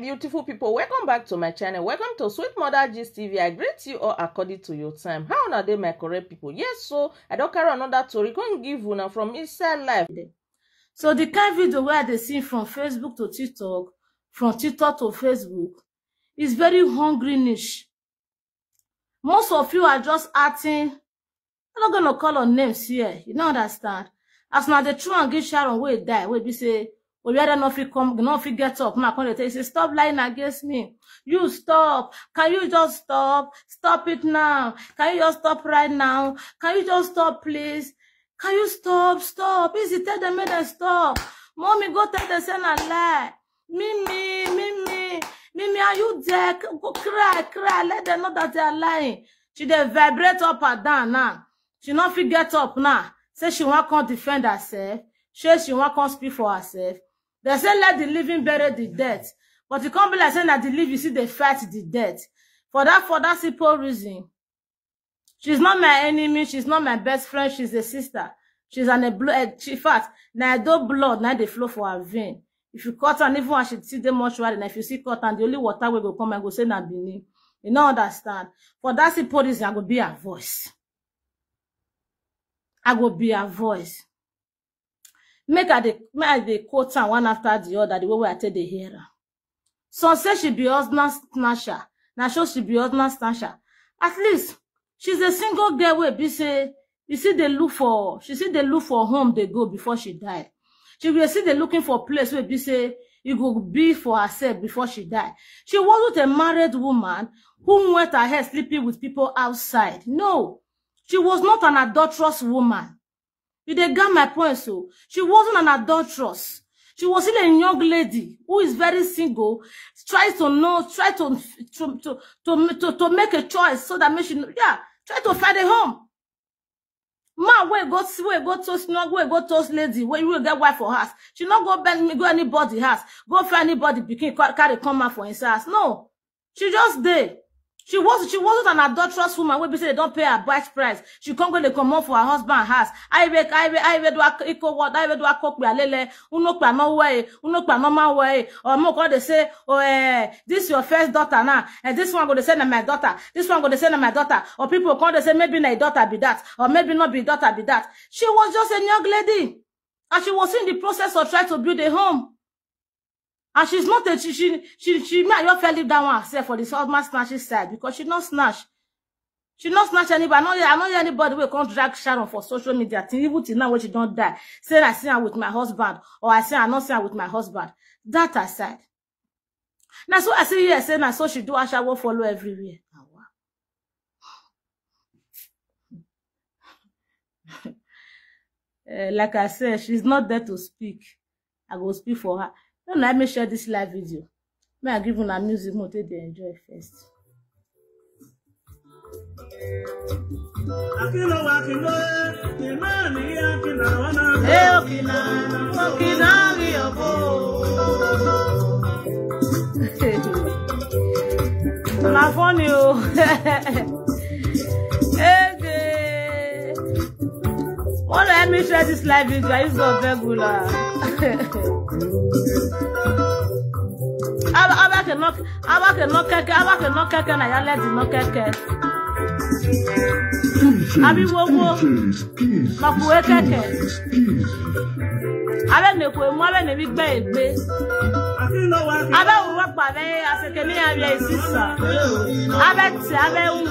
beautiful people welcome back to my channel welcome to sweet mother gist tv i greet you all according to your time how una dey my correct people yes so i don carry another tori come give una from inside life. so the kind video wey i dey see from facebook to tiktok from tiktok to facebook is very hungry niche most of you are just acting i'm not gonna call on names here eh? you no understand as una dey try and give sharon wey die wey be say Oriada no fit come, no fit get up. Now, come tell say, stop lying against me. You stop. Can you just stop? Stop it now. Can you just stop right now? Can you just stop, please? Can you stop? Stop. Easy, tell them, make them stop. Mommy, go tell them, say na lie. Mimi, Mimi, Mimi, are you there? Go cry, cry. Let them know that they are lying. She dey vibrate up and down now. She not fit get up now. Say she wan come defend herself. Say she wan come speak for herself. They say let the living bury the dead. But you can't be like saying that the living, you see, they fight the dead. For that, for that simple reason. She's not my enemy. She's not my best friend. She's a sister. She's an a eh, blood. She fat. Now I do blood. Now they flow for her vein. If you cut and even I should see the mortuary, and if you see cut and the only water will go come and go say na bini. You know understand. For that simple reason, I will be her voice. I will be her voice. make make dey quote am one after the other the way we i take the hear some say she be husband snatcher na so she be husband snatcher at least she's a single girl Where be say you see they look for she see they look for home they go before she die she will see they looking for place where be say it go be for herself before she die she wasn't a married woman who went ahead sleeping with people outside no she was not an adulterous woman You they got my point, so she wasn't an adulteress. She was still a young lady who is very single, tries to know, try to to to to, to, to make a choice so that she yeah, try to find a home. Man, where go where go to snug, where go to lady, where you will get wife for house. She not go bend me, go anybody house, go find anybody, begin carry come out for his house. No, she just there. She was she wasn't an adulterous woman where they say they don't pay her bride price. She can't go to come up for her husband has. I beg, I beg, I beg, do a equal what? I beg, do a cook me a lele? Uno kwa no way, uno kwa no way. Or more God they say, oh eh, this your first daughter now, and this one go to send my daughter. This one go to send my daughter. Or people come they say maybe my daughter be that, or maybe not be daughter be that. She was just a young lady, and she was in the process of trying to build a home. And she's not a she she she, she me not your fair leave that one herself for this husband snatching side because she not snatch. She not snatch anybody. I know I not anybody will come drag Sharon for social media. Till even till now when she don't die. Say I see her with my husband or I say I not see her with my husband. That aside. Now so I say yes, yeah, and so she do Ashawo follow everywhere. uh, like I said, she's not there to speak. I go speak for her. Don't let me share this live video. May I give you una music more take they enjoy first. Akilo wakilo, imani akila wana. Hey okina, okina yoko. Na phone you. Hey. Well, oh, let me share this live video. I use go regular. abake nọkẹkẹ abake nọkẹkẹ na ya lẹdi nọkẹkẹ abi wowo nọkuwe kẹkẹ abe neko emu abe nebi gbẹ egbe abe wúwo kpa e abe aseke ne ya yẹ esisa abe tẹ abe wu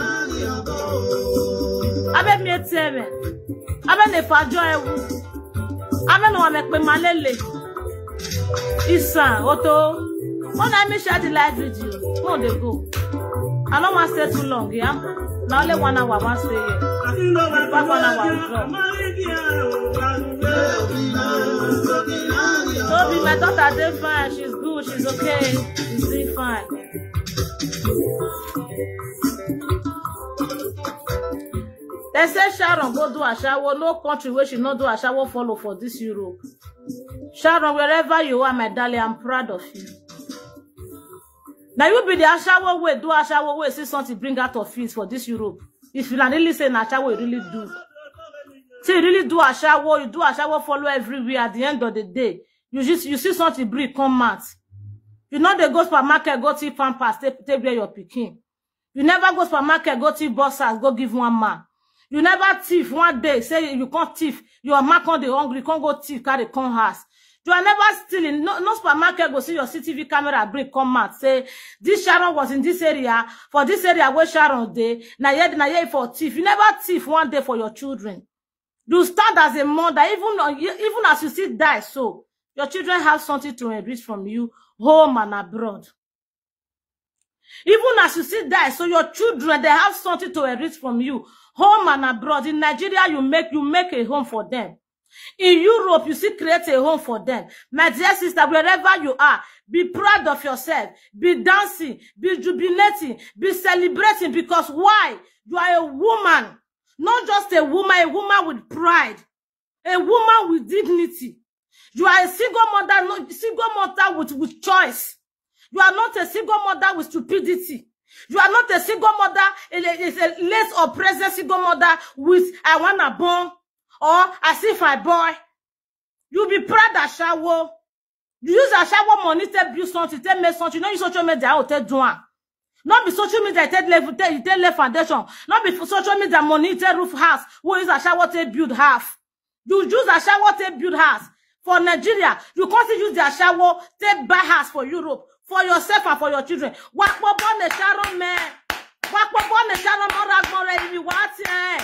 abe mie tẹ mẹ e abe nefa adzɔ ewu abe nɔ wame kpe ma lele isa oto. One I make sure the live video. Go they go. I don't want to stay too long, yeah? Now only one hour, one stay here. Back one hour, drop. Toby, my daughter, they fine. She's good. She's okay. She's doing fine. They say Sharon go do a shower. No country where she not do a shower follow for this Europe. Sharon, wherever you are, my darling, I'm proud of you. Now you be the Ashawo way, do Ashawo way, see something bring out of fees for this Europe. If you really say Ashawo, you really do. See, you really do Ashawo, you do Ashawo follow everywhere at the end of the day. You just you see something bring come out. You know they go supermarket, go see pampers, take take where your picking. You never go supermarket, go see bosses, go give one man. You never thief one day, say you can't thief. Your man can't the hungry, can't go thief, carry con house. You are never stealing. No, no supermarket go see your CCTV camera break come out. Say, this Sharon was in this area. For this area where Sharon day. Na yet, na yet for thief. You never thief one day for your children. You stand as a mother. Even, even as you see die so. Your children have something to inherit from you. Home and abroad. Even as you see die so. Your children, they have something to inherit from you. Home and abroad. In Nigeria, you make, you make a home for them. In Europe, you still create a home for them. My dear sister, wherever you are, be proud of yourself. Be dancing, be jubilating, be celebrating. Because why? You are a woman. Not just a woman, a woman with pride. A woman with dignity. You are a single mother, not single mother with, with choice. You are not a single mother with stupidity. You are not a single mother, a, a, a less or present single mother with I wanna born or as if I boy. You be proud that ashawo. You use ashawo money to build something, to make something. No use social media out to do Not be social media take level, take take level foundation. Not be social media money take roof house. We use ashawo to build half? You use ashawo to build house. For Nigeria, you can't use the ashawo to buy house for Europe, for yourself and for your children. What bon born sharon men. man? What ne born mo ragbon man? ibi wa ti eh.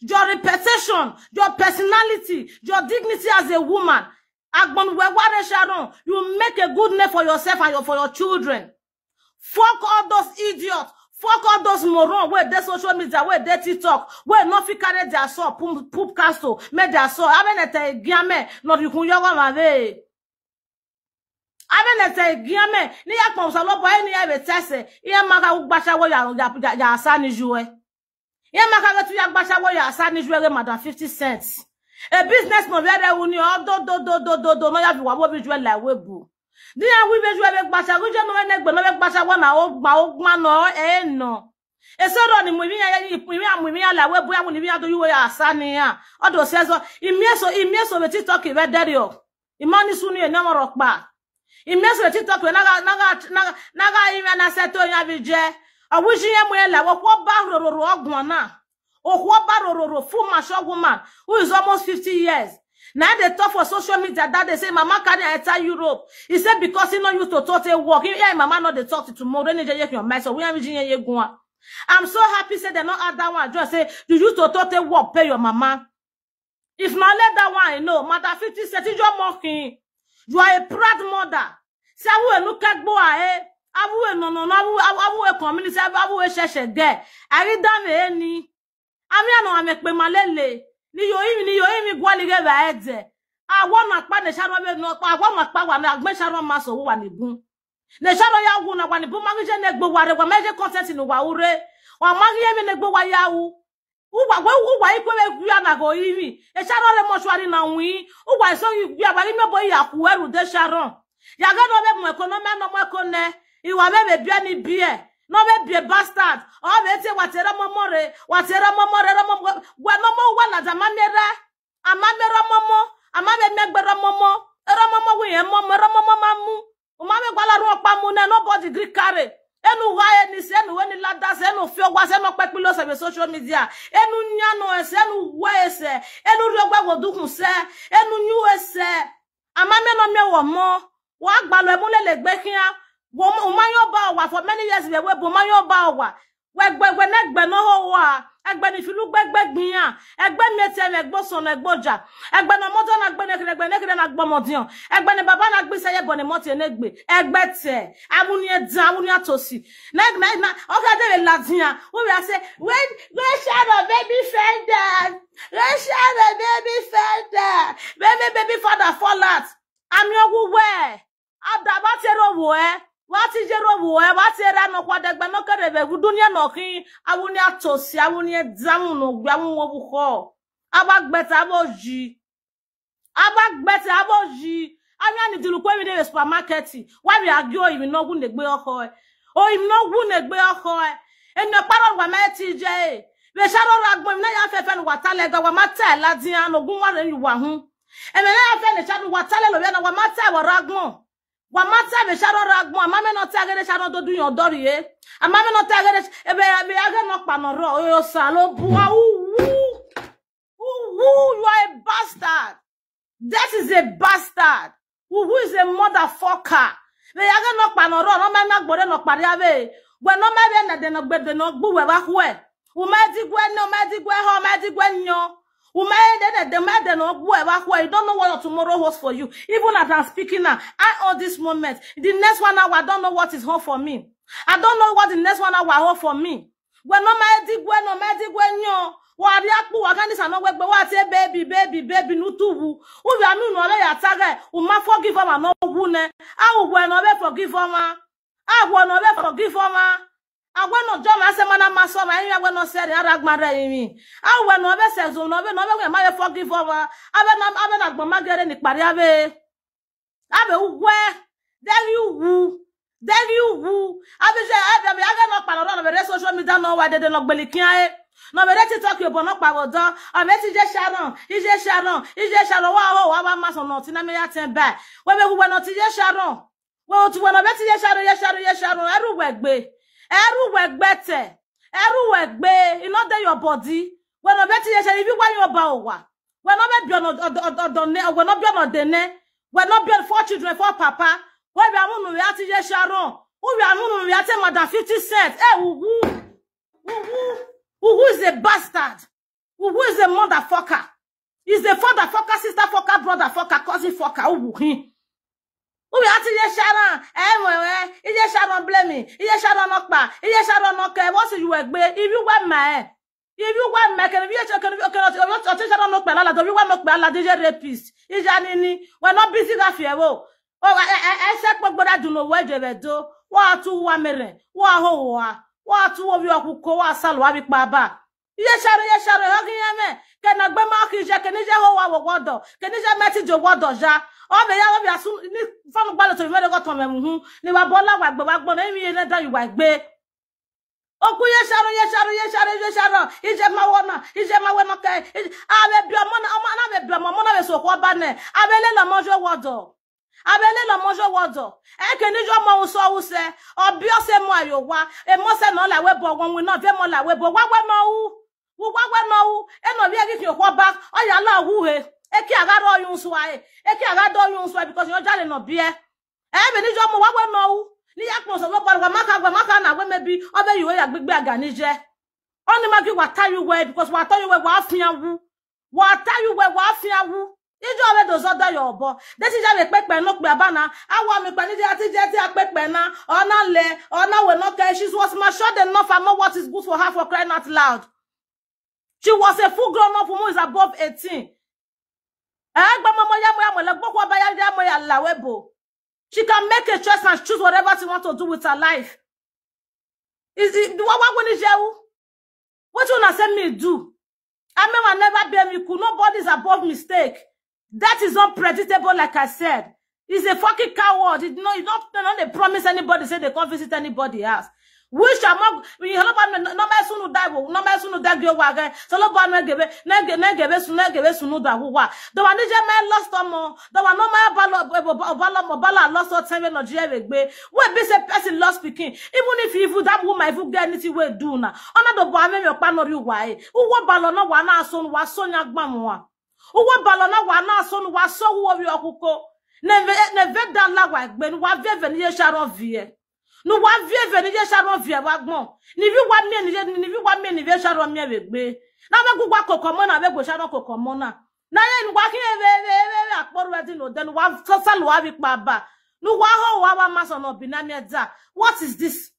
your reputation, your personality, your dignity as a woman. Agbonweware Sharon, you make a good name for yourself and for your children. Fuck all those idiots. Fuck all those morons. where they social media, where they TikTok, where no fi carry their soul, poop, poop castle, make their soul. Amen ete giame, not you kun yoga mave. Amen ete giame, ni yakpon sa lopo, e ni yabe tese, iye maka ukbasha wo ya, ya, ya, ya asani juwe. Ye makawe tu yak basha wo ya asani jwere madam 50 cents. A business man where uni o do do do do do do no ya bi wa wo jwere la webu. Di ya wi be jwere basha ru je no me negbe no be basha wo na o gba o gba no e no. E so ro ni mu mi ya ni ipin mi amu ya la webu ya mu ya do yuwe ya asani ya. O do se so imieso imieso be TikTok be derio. Imani sunu e rokba. mo ro pa. Imieso TikTok we naga na na na ime na seto ya bi je awuji ye mu ele wo kwa ba rororo ogun na o kwa ba rororo full mature woman who is almost 50 years now they talk for social media that they say mama carry enter Europe. He said because he not used to talk to work. He, yeah, mama not they talk to tomorrow. Then they your mess. So we are you go. I'm so happy say they not add that one. Just say you used to talk to work pay your mama. If not let that one, you know, mother 50 said you're mocking. You are a proud mother. Say we look at boy, eh? abúwe nọ abúwe community abúwe ṣẹ̀ṣẹ̀ gẹ̀ àrídàmì ẹni àmì àná àmì pè má lélẹ̀ ni yòóyì mi ni yòóyì mi gbọ́ lè rà ẹ̀ dẹ̀ àwọn ọmọ àpá ní sáró bẹ́ẹ̀ náà àwọn ọmọ àpá wà ní àgbẹ̀ sáró máa ya wà nígún ní sáró yà wù náà wà ní bùn mágíjẹ́ ní egbò wà rẹ̀ wà wà yà wù uwa gwe uwa ikwe na go e ekonomi no mo iwa be be bia ni bie no me bie bastard o me tie watere momore watere momore momo gwa momo wala da mamera amamera momo momo era momo momo era momo mamu o be ru opa mu enu wa eni se enu weni ladas enu fi ogwa se no se social media enu nyano ese enu wa ese enu se enu nyu ese no me wo mo wa gbalo kian wo mayo ba wa for many years we we bo mayo ba wa we gbe we na gbe no ho wa egbe ni filu gbegbe gbin ya egbe mi eti ele egbo son egboja egbe na mojo na gbe ne kire e gbe ne kire na gbo modian egbe ni baba na gbe seye bo ni moti ene gbe egbe te amuni edan amuni atosi na na na o ka de ladian we we say we we share baby fender we share baby fender baby baby father fall out ami owo we adaba tero wo eh wati jerobu e wati era no kwadegbe no kerebe gudunia no kin awuni atosi awuni edamu no gbe awun wo buko abagbeta boji abagbeta boji anya ni dilu kwe mi de supermarket wa mi agio imi no gun egbe oko e o imi no gun egbe oko e enu paro wa me ti je e. be sharo ragbon na ya fefe ni watale do wa mata ladin anogun wa re yi wa hun emele ya fe ni shadu watale lo be na wa mata wa ragbon wa mata be sharo ragmo amame no tagere sharo do du yon dori e amame no tagere ebe ebe age no pa no ro oyo sa lo bua ooh ooh you are a bastard that is a bastard who is a motherfucker be age no pa no ro no me gbore no pare ave gbe no me be na de no gbe de no gbu we ba hu e wo ma di gwe no ma di gwe ho ma di gwe nyo I don't know what tomorrow holds for you. Even as I'm speaking now, I on this moment, the next one hour, I don't know what is hot for me. I don't know what the next one hour hold for me. When no my edigwe no my dig when you wari akpu wakanisa no ami no le uma forgive ama no wune. no be forgive ama. no be agwa no jo ma se mana maso ma nwa gwe no se re ara gbara imi awe no be se zo no be no be we ma ye forgive over abe na abe na gbon magere ni pare abe abe ugwe then you who then you who abe je abe me aga no pa no no be wa dede no gbelikin aye no be ti talk you bono pa wodan o me ti je sharon ije sharon ije sharon wa wa wa ma so no ti na me ya ten ba be gwe no ti be Eru we gbete. Eru we gbe. You know that your body. When I bet you shall be why you about wa. When I bet you on when I bet on the ne. When I bet four children for papa. When we are moon we are to yes Sharon. Who we are moon we to mother 50 cents. Eh woo woo. Woo woo. Who is a bastard? Who is a motherfucker? Is a father fucker, sister fucker, brother fucker, cousin fucker, who him? Eh, ati ye shama, ewe, iye shama blame, iye shama mokpa, iye shama moke, what you were gbe, if you want my if you want my can be a chicken, you cannot, you cannot, you cannot, you cannot, you cannot, you cannot, you cannot, you cannot, we're not busy that fear. Oh, I said, but I do know where they do. What two one mere, what ho, what two of your cocoa, salwa, big baba yeshare yeshare hogi yeme kena gbe ma ki je keni je ho wa wo wodo keni je meti jo wodo ja o be ya o be asun ni fanu gbalo to mere go ton me hu ni wa bola wa gbe wa gbo na mi ele da yu wa gbe oku yeshare yeshare yeshare yeshare ije ma wona ije ma wona ke abe bi omo na omo na be bi omo mo na be so ko ba ne abele la mojo wodo abele la mojo wodo e keni jo mo so wu se obi o se mo ayo wa e mo se no la we bo won we na ve mo la we bo wa we no u wo wa we no wu e no bi e give you kwa back o ya la wu he e ki aga do yun so e e ki aga do yun so because you jale no bi e e eh, be ni jo mo wa we no wu ni ya pon so lo pa ma ka gba ma ka na we maybe o be you ya gbegbe aga ni je oni ma ki wa ta you we because wa ta you we wa fian wu wa ta you we wa fian wu ijo we do so do yo obo de ti jale pepe no pe abana awa mi pe ni je ati je ti a pepe na ona le ona we no ke she's was my shot enough i know what is good for her for crying out loud She was a full grown up woman is above 18. Eh, she can make a choice and choose whatever she wants to do with her life. Is it what to you? What you wanna send me do? I may never be me cool. Nobody's above mistake. That is unpredictable, like I said. He's a fucking coward. He, no, you don't, they don't they promise anybody, say they can't visit anybody else. wish among Holoban Nomas Unu Dago, Nomas Unu Dagio Waga, Soloban Negebe, Nege Negebe Sunegebe Sunuda The one is a man lost on more. The one no lost or or a person lost speaking. Even if you that woman, get anything we do now. Another your panel, you why. Who one son, was Who one son, was so Never, never done like when nu wa vie je avio vie wa gbon ni vi wa mi ni je ni vi wa mi ni gbègbè n'abegwa mi koko gbe na abegwa eswaro koko mọ na n'anya nubu akinyi ebe ebe ebe akpɔru wadi n'oda nubu sali wabi kpa aba nubu agho wa wa wa ho ma so no bi na mi eda what is this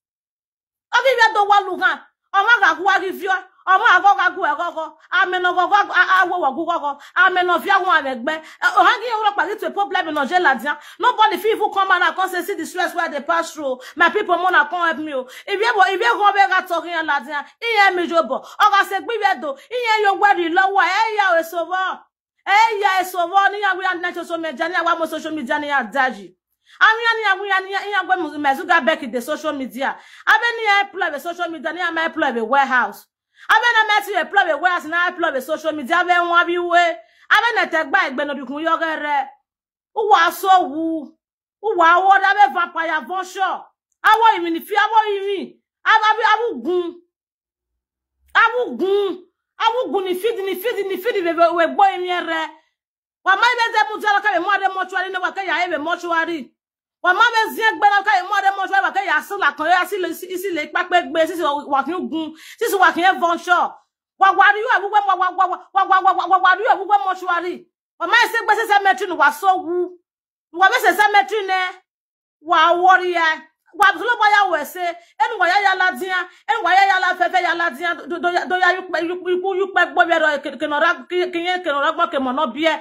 do wa lu alu o ma ga ku wa wahi vio. ọmọ agọgagu ẹgọgọ amenọgọgọ awọwọgugọgọ amenọviawọn arẹgbẹ ọhangi ewúrọ pàdé to a problem in nigeria dia nobody fit even come and come say see the stress wey i dey pass through my people mo na come help me o ìwé bọ ìwé gan bẹ ká tọkì yẹn ladia ìyẹn mi jò bọ ọkọ ṣe gbígbẹ dò ìyẹn yóò wẹrì lọ́wọ́ ẹ yà èso bọ ẹ yà èso bọ níyàwó yà ní social media níyàwó àmọ́ social media ní àdájì àwọn yà ní ìyàwó mẹsùgà bẹkì dé social media abẹ ní ẹ plọ ẹ social media ní àmọ ẹ plọ ẹ warehouse abena meti we plobe we as na plobe social media abe nwa bi we abena tegba egbe no dikun yogere uwa so wu uwa wo da be vampire vonsho awo imi ni fi awo imi abi abugun abugun abugun ni fidi ni fidi ni fidi we we gbo imi re wa mai be ze mu zara ka be mo re mortuary ne wa ka ya e be mortuary wa ma be zin gbe na ka mo de mo so ba ke ya sun la kan ya si le si le pa pe gbe si wa kin gun si si wa kin e von sure wa wa ri wa gbe wa wa wa wa wa wa wa wa ri wa gbe mo so ari wa ma se gbe se cemetery ni wa so wu wa be se cemetery ne wa wori ya wa so lo boya we se enu wa ya ya ladian enu wa ya ya la fefe ya ladian do ya yu pe yu yu pe gbo bi ro kenora kinye kenora gbo ke mo no bi e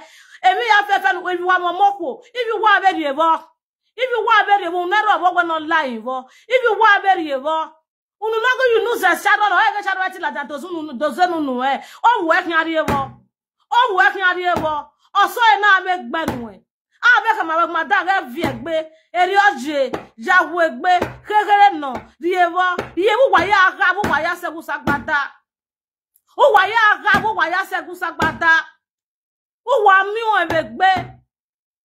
èmi ya fefe nu èmi wa mo moko ibi wa be ni evo if you want beri we'll never ro one no lie if you want beri we'll unu no eh. go you know sa shadow no e shadow ti la da dozunu dozenu nu e o wo e kan ari evo o wo e kan ari evo oso e na me gbenu e a be ka ma be ma da ga vi egbe eri oje ya wo egbe kekere no ri evo iye wo wa ya ga wo wa ya se wo sagbada wo wa ya ga wo wa ya se sagbada wo wa mi o e be gbe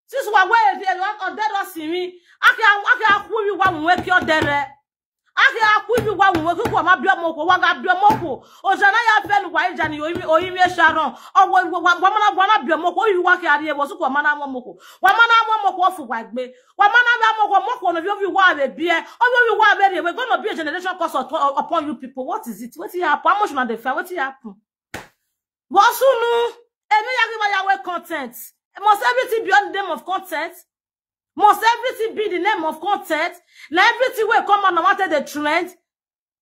sisi wa wa evi eyo ọdẹrọ sinmi aki aki akwu ibi wa nwe ki ọdẹrẹ aki akwu ibi wa nwe ki kwa ma bi ọmọ okwo wa ga bi ọmọ okwo ojana ya fẹnu wa ija ni oyiri esharon ọwọ iwe wa gba mana gwana bi ọmọ okwo oyi wa ki ari ewo suku wa mana ọmọ moko. wa mana ọmọ okwo ọfu wa gbe wa mana ọmọ okwo ọmọ okwo onobi obi wa abe bie obi obi wa abe rewe gonna be a generation curse upon you people what is it wetin happen how much una dey find wetin happen. wọ́n sunu èmi yàgbé wa yàwé content. Must everything be on the name of content? Must everything be the name of content? Now everything will come out na wanted the trend.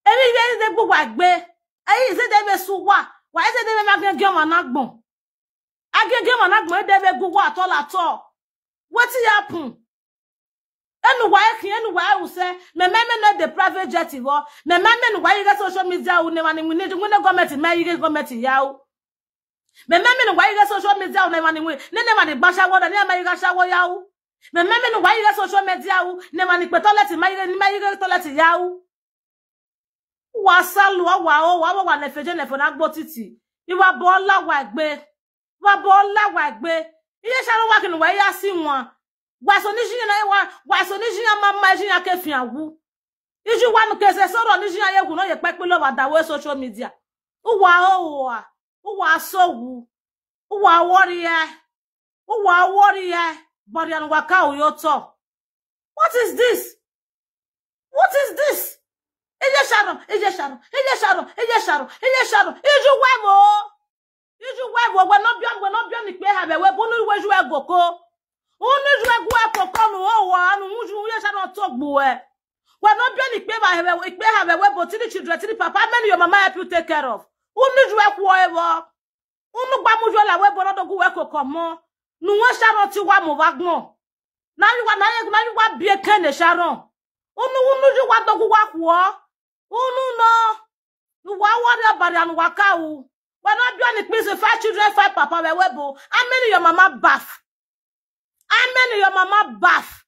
Every year Ebi ye ise gbo wa gbe. Eyi ise de be su wa. Wa ise de be ma gege ma na gbon. Agege an na gbon de be gbo wa to la to. Wetin happen? Enu wa ekin enu why? u say, me me me no the private jet wo. Me me me why you yi social media We ne ma ni ne government me yi government ya u me me no why you social media na mani we ne ne mani gbasha wo da ne ma yiga shawo yawo me me me no why you social media wo ne mani pe toilet ma yiga ni ma yiga toilet yawo oh. wa salu wa o oh, wa wa le feje le fo na gbo titi ìwà bo la wa gbe wa bo la wa gbe iye sharu wa kinu wa ya si won wa so ni jiyan na wa wa so ni jiyan ma ma jiyan ke fi awu iju wa nu ke se sọ̀rọ̀ ni jiyan ye gun no ye pepe lo wa dawo social media Uwa o oh, wa ụwa asọgwu ụwa awọrị ya ụwa awọrị ya gbara n'ụwa ka ụya ụtọ what is this what is this ije sharụ ije sharụ ije sharụ ije sharụ ije sharụ iju webụ iju webụ ogwe n'ọbịa ngwe n'ọbịa n'ikpe ha bụ ewebụ unu iwe juwe goko unu juwe gwu ekoko nụ ụwa anụ nwuju nwunye sharụ ọtọ gbuwe gwe n'ọbịa n'ikpe ha bụ ewebụ tiri children tiri papa many your mama help you take care of unu juwe kuwa ewa unu gba mu jola we borodo guwe kokomo nu won sharon ti wa mo wa na yi wa na ye na yi wa bi eken sharon unu unu ju wa dogu wa kuwa unu no nu wari abari re bari anu wa ka u we no bi oni pin se five children five papa we we bo how many your mama bath how many your mama bath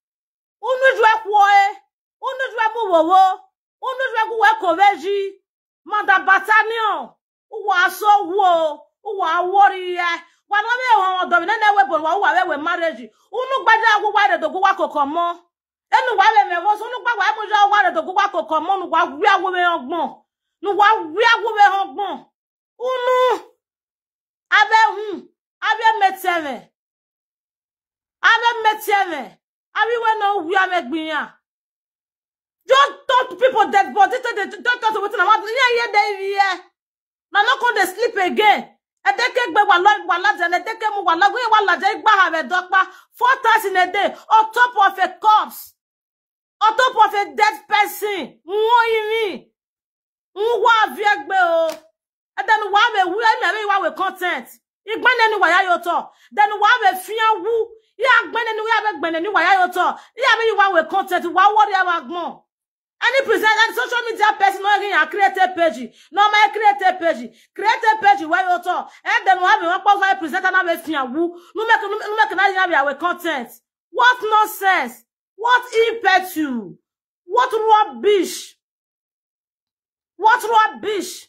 unu juwe kuwa e unu juwe mu wowo unu juwe kuwe koveji manda batanion ụwa asọwuo ụwa aworire gwana wewe dominene webụrụ wa ụwa wewe mareji unu gbaje agwụgwa redogwụgwa kokomo enu gwa we mewe ọsọ unu gbagwa ebụji ọgwa redogwụgwa kokomo nugwa gwi agwụwe ọgbọn nugwa gwi agwụwe ha ọgbọn unu abe hu abe metere abe metere We na owi amegbiya just talk to people dead body tell them wetin i want hear hear dem hear na no come dey sleep again edeke gbe wala wala jen edeke mu wala we wala je gba have dokpa four times in a day on top of a corpse on top of a dead person nwo iri nwa abi egbe o then wa we we me wa we content igbene ni wa ya yo to then wa we fian wu ya gbene ni wa be gbene ni wa ya yo to ya me wa we content wa worry agbon Any present any social media person no again a create page. No my create a page. Create a page where you talk. And then we have one post where present and have a woo. No make no make na have our content. What nonsense? What impetu? What rubbish? What rubbish?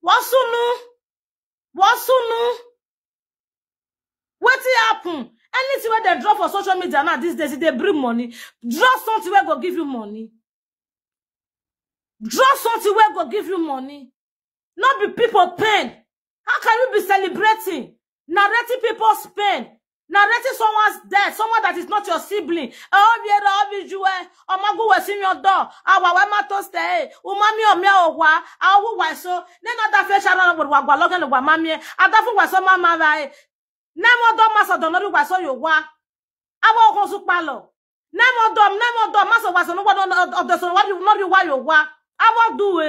What sunu? What sunu? What happen? Anything where they draw for social media now these days, they bring money. Draw something where go give you money draw something where go give you money not be people pain how can you be celebrating narrating people's pain narrating someone's death someone that is not your sibling eobiere obijuwe ọmọgúnwẹ sínyọdọ àwàwẹ má tó sẹ ẹ umami ọmọ ọwà àwòwàṣọ nínú adáfẹ ṣáná wàgbà lọgẹlẹ wà má miẹ adáfúnwàṣọ má má ra ẹ nẹmọdọ masọdọ lórí wàṣọ yóò wá àwọn okùn sùpàlọ nẹmọdọ nẹmọdọ masọwàṣọ nígbàdọ ọdọsọwọ lórí wá yóò wá. awoduwe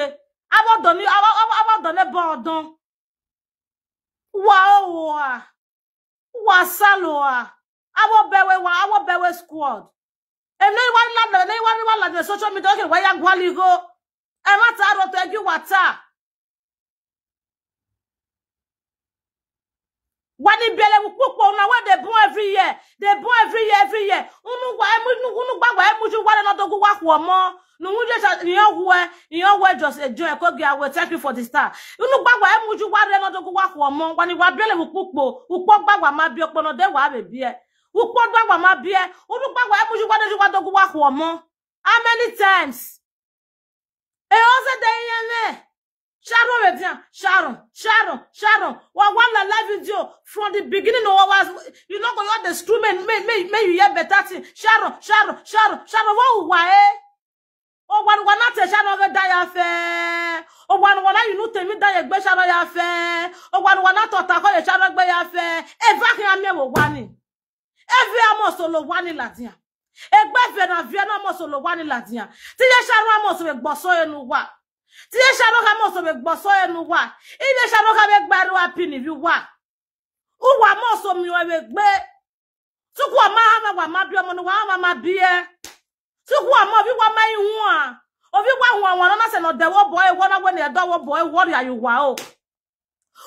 awodoni awodone bodon wa owa wa saloa awobewe wa awobewe squad em nei wan la nei wan la de social media okay wa ya wani biele kukpo na where they born every year they born every year every year unu wa emu unu gba wa emu ju wa na dogu wa ku omo nu mu je iyan hu e iyan wa just ejo eh, e eh, ko gi awe thank you for the star unu gba wa emu ju wa re na dogu wa ku omo wani wa biele kukpo ukpo gba wa ma bi opo na de wa be bi e eh. ukpo gba wa ma bi e unu gba wa emu ju wa dogu wa dogu wa ku omo how many times e o se de iyan le Sharon Redian, Sharon, Sharon, Sharon. Well, one live you from the beginning of hours. You know, go the screw men, may, may, may you hear better thing. Sharon, Sharon, Sharon, Sharon, what why? Oh, one one not a Sharon over die affair. Oh, one one you know, tell me die a bear Sharon affair. Oh, one one not a taco a Sharon bear affair. Every time I one. Every hour solo one in Latin. Ẹgbẹ́ fẹ̀nà fẹ́ náà mọ̀ sọ̀lọ̀ wá ní Làdìyàn. Tíyẹ́ Ṣàrún àmọ̀ sọ̀rọ̀ gbọ̀sọ́ ẹnu wà tinesha boka moso be gboso enu wa inesha boka be gbaru apini bi wa uwa moso mi we gbe tuku ama ama wa ma bi omo nu wa ama ma bi e tuku ama bi wa mai hu a obi wa hu awon na se no dewo boy wo na we ne dewo boy wo ya yu wa o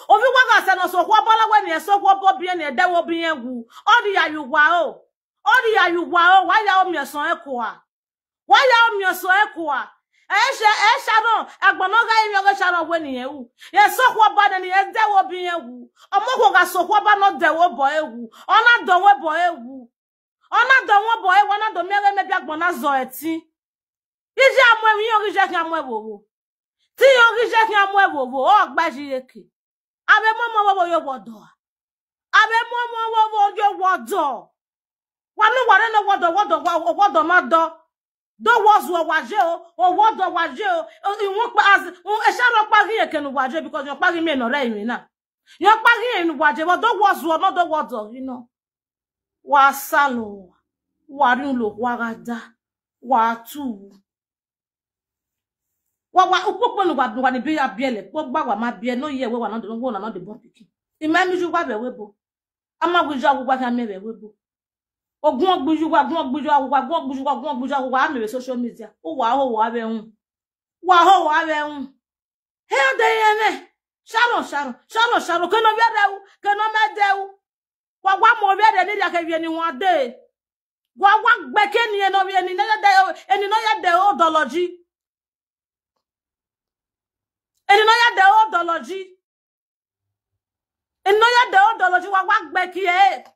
obi wa ga se no so kwa bola we ne so kwa bo bi e ne dewo bi enwu odi ya yu wa o odi ya yu wa o wa ya o mi eson eko a wa ya o mi eson eko a eshe esharo agbanoga inyoga sharo gweni yewu ye sokwa bana ni edewo bi yewu omoko ga sokwa bana dewo bo ewu ona donwe bo ewu ona bo ewu ona do mere agbona zo eti ije amwe je kan amwe ti je kan amwe o gba jireke abe momo wowo yo abe Do Dowas wa waje o, o wo do waje o, iwon pa as, e se ro pa ri ekenu waje because yon pa ri me no re irin na. Yon pa ri enu waje, but dowas wa no do wodo, you know. Wa salo, wa run lo wa rada, wa tu. Wa wa upopo nu wa wa ni bi abiele, pogba wa ma bi e no ye we wa na do wo na no de bon pikin. Imami ju be webo. Ama guja gba ka me be webo ogun ogbujuwa ogun ogbujuwa ogun ogbujuwa ogun ogbujuwa wa mere social media o wa ho wa be hun wa ho wa be hun he de yeme sharon sharon sharon sharon ke no bi de wu ke no me de wu wa wa mo bi de ni ya ke bi ni won de wa wa gbe ke ni e no bi ni na de eni no ya de odology eni no ya de odology eni no ya de odology wa wa gbe ki e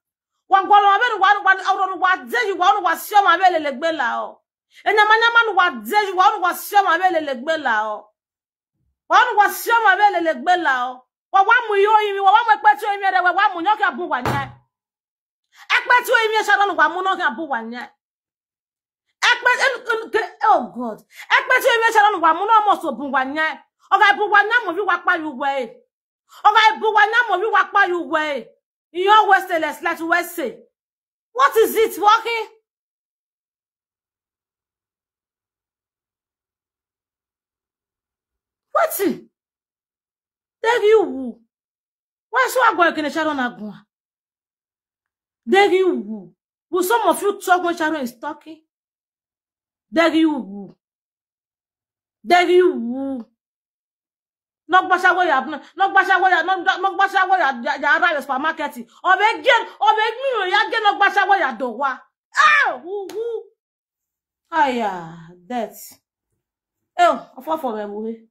wangolo mabele wanu awronu wadeji wanu wasio mabele legbe la o enyamanya manu wadeji wanu wasio mabele legbe la o wanu wasio mabele legbe la o wa wa mu yo imi wa wa mu epetu imi ere wa mu nyoki abu wa nya epetu imi e shalonu wa mu nyoki abu wa nya epetu oh god epetu imi e shalonu wa mu no mo so bu wa nya oga bu wa nya mo bi wa pa yu we oga bu wa nya mo bi wa pa yu we In your wasteless, let us What is it working? Wetin? Degi wu. Why so agwa you can sharon agwa? Degi wu. Will some of you talk when Sharon is talking? Degi wu. Degi wu. No, Nogbasha where you have Nogbasha where you Nogbasha where you arrive at supermarket. Obegin, obegin you again Nogbasha where you do wa. Ah, woo woo. Aya, that. Eh, ofo for me we.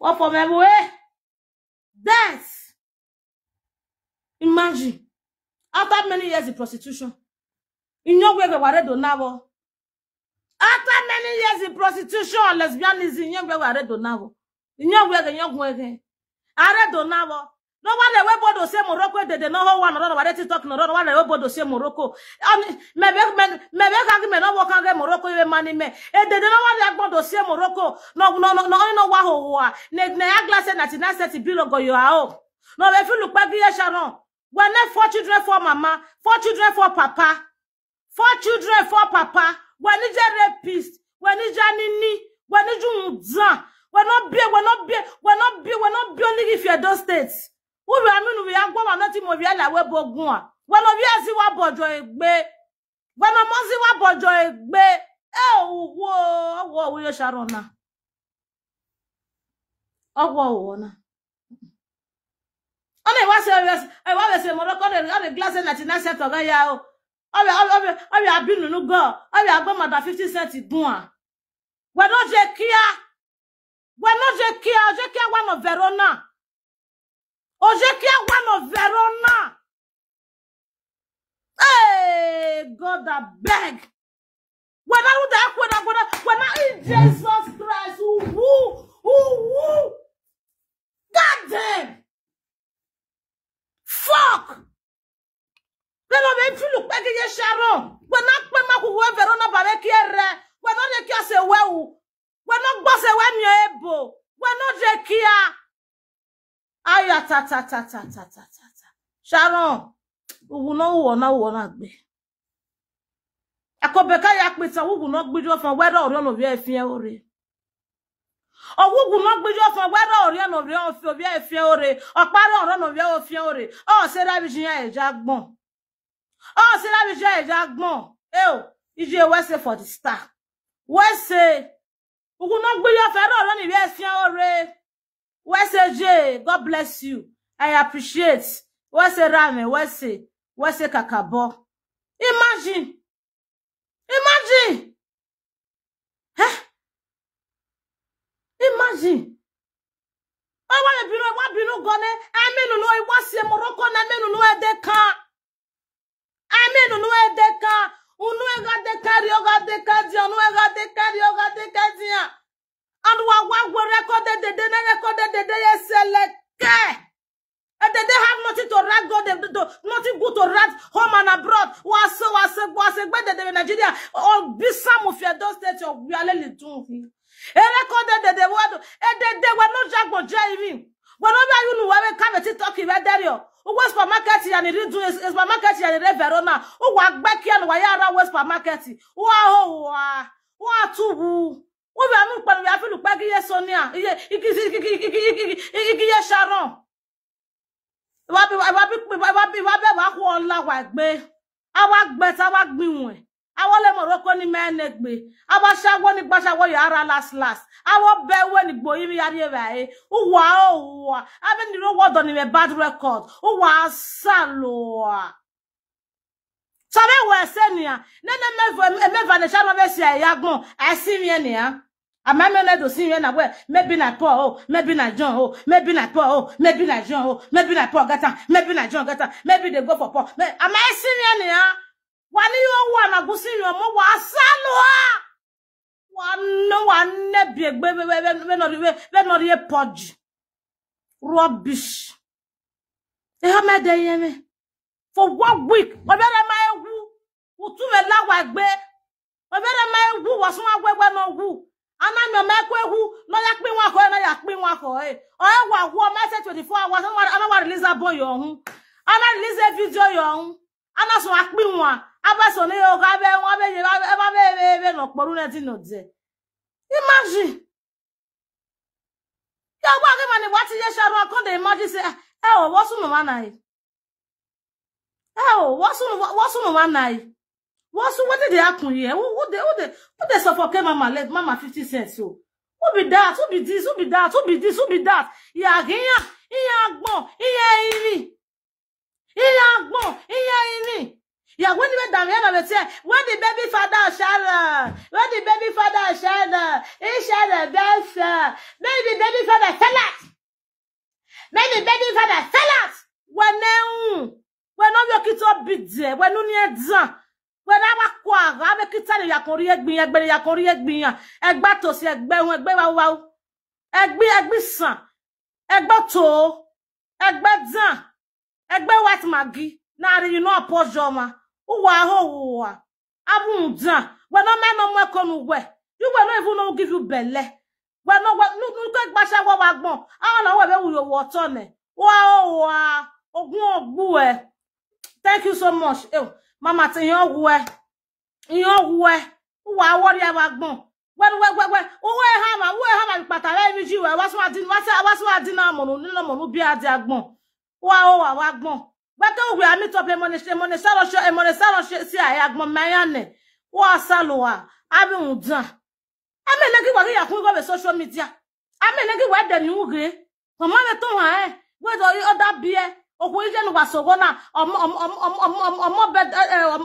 Ofo me we. That. Imagine. After many years in prostitution, you know where we were do now. After many years in prostitution, lesbianism, you know where we were do now inyo gwege inyo gwege are do nawo no wana we bodo se morocco dede no ho wana no wale tiktok no no wana we bodo se morocco mebe mebe ka me no woka ge morocco we mani me e dede no wale agbodo se morocco no no no no wa ho wa ne ne ya glass na ti na set bi lo go yo a o no we fi lu pe giye sharon when four children for mama four children for papa four children for papa when je rapist when je nini when je mudan We're not beer, we're not beer, we're not beer, we're not beer only if you're those states. Uru aminu we are going nothing more real we bogun. When of see what bojo egbe. When of mozi wa bojo egbe. Eh wo wo we sharona. Owo wo na. Ona wa se e wa we se mo roko de o de glass 99 cent ya o. O bi o bi o bi abinu nu O mother 50 cent dun a. We no je Bueno, je kia, je kia wano Verona. O je one of Verona. Hey, God, I beg. When I would have, when I would have, when I in Jesus Christ, who, who, who, who? God damn. Fuck. Then I'm going to look back at your shadow. When I put my whoever on a barbecue, when I'm I can't say, well, weno gbose wen yo ebo weno je kia aya ta ta ta ta ta ta ta ta sharon uwu no uwo na uwo na gbe akobeka ya pitan uwu no gbijo fun wero ori ono bi e fin ore Ogwugwu no gbejo fun wero ori ono bi o fi obi e fin ore opare oro ono bi o fin ore o se rabijin ya eja gbon o se rabijin We eja gbon e o ije we say for the star we say Ugunogbiyo Ferraro ni Wesian Ore. Wese J, God bless you. I appreciate. Wese Rame, Wese, Wese Kakabo. Imagine. Imagine. Eh? Imagine. Ọwọ́ ìbínú ẹ̀wọ́ bínú gan ni Aminu ló wá sí Morocco ní Aminu ló e ẹ̀dẹ́ kan. Aminu ló e ẹ̀dẹ́ kan. Unu ega de kari oga de kadi onu ega de kari oga de kadi ya. Anu wa wa gwe rekode de de ne rekode de de ye seleke. And e, they have nothing to rat God, they do nothing good to rat home and abroad. Wase wase wase gbe de de Nigeria All be some of your those states of we are lele tun. record de de wa do. E de de we no jagbo je irin. Wa no ba yunu wa be ka to ti talk ibe dere o uwe supermarket ya na iri du supermarket ya na ire verona ụwa gbakie na waya ara uwe supermarket ụwa ahụwa ụwa atụgbu ụbị anụ mkpara ya filu kpagi ihe sonia ihe ikiye sharon ìwà bí wà be, bẹ̀ wà á kú ọ̀la wà gbé àwa gbẹ tá àwa gbìwọ̀n awole moroko ni menegbe abashawo ni gbashawo ya ara last last awo bewe ni gbo imi yari bae uwa uwa abe ni ro wodo ni me bad record uwa saloa sabe we senia nene mevo meva ne shano be sia yagun asimie ni ha amame na do simie na we maybe na paul oh maybe na john oh maybe na paul oh maybe na john oh maybe na paul gata maybe na john gata maybe they go for Am I simie ni ha wanihe ọnwa na-agụsị nri ọmụ bɛ ha nwanne nwanne egbe benọrie pọji rọbish ihe mede ihe me for one week obere ma egwu utumela wagbe obere ma egwu ma ekwe egwu n'ọya kpi nwa kpi nwa eh. e ọya gwa agwụ ọma ese 24 hours anawa release abo ya ana release video akpi nwa abasone yo ka be won be je ba be be be no poru na ti no je imagine ya wa ke mani wa ti ye sharu kon de imagine say e o wo sunu wa nai e o wo sunu wo sunu wa nai wo sun what dey happen here who dey who dey who dey suffocate mama let mama 50 cents so who be that who be this who be that who be this who be that ya giyan iyan agbon iyan iri iyan agbon iyan iri Yeah, when the baby Damiana will say, when the baby father shall, uh, when the baby father shall, uh, he shall dance. Uh, may the baby father fell out. May baby father fell out. When you, when you get up big day, when you need that. When I walk qua, I make it tell you, I can react me, I can react me, I can react me, a can react me, I can react me, ẹgbẹ́ tó ẹgbẹ́ dán ẹgbẹ́ white magi náà rí iná àpọ̀jọ́ ma ụwa ahụ ụwa abụ nda wena mena mmekọ n'ugwe igwe no even no give you belle wena nuke gbasha gwa wagbọn ahụ na webe wuyo wụ ọtọ ne ụwa ụwa ogwu ogbu e thank you so much ew mama ti ihe ọgwụ e ihe ọgwụ e ụwa awọrị ya wagbọn wẹwẹwẹwẹ owó ẹhà mà owó ẹhà mà pàtà rẹ ibi jí wẹ wá sí wá dín wá sí wá dín náà mọ̀nù nínú mọ̀nù bí adìẹ agbọ̀n wá ó wà wá gbọ̀n we gbake uwe amitop emonesarocho emonesarocho si ayi agbomayane wa asalowa abi undan ame negi wa ya kun go be social media ame negi wa de ni ugre mama me ton ha e we do oda bie okwu ije nu wasogo na omo omo omo be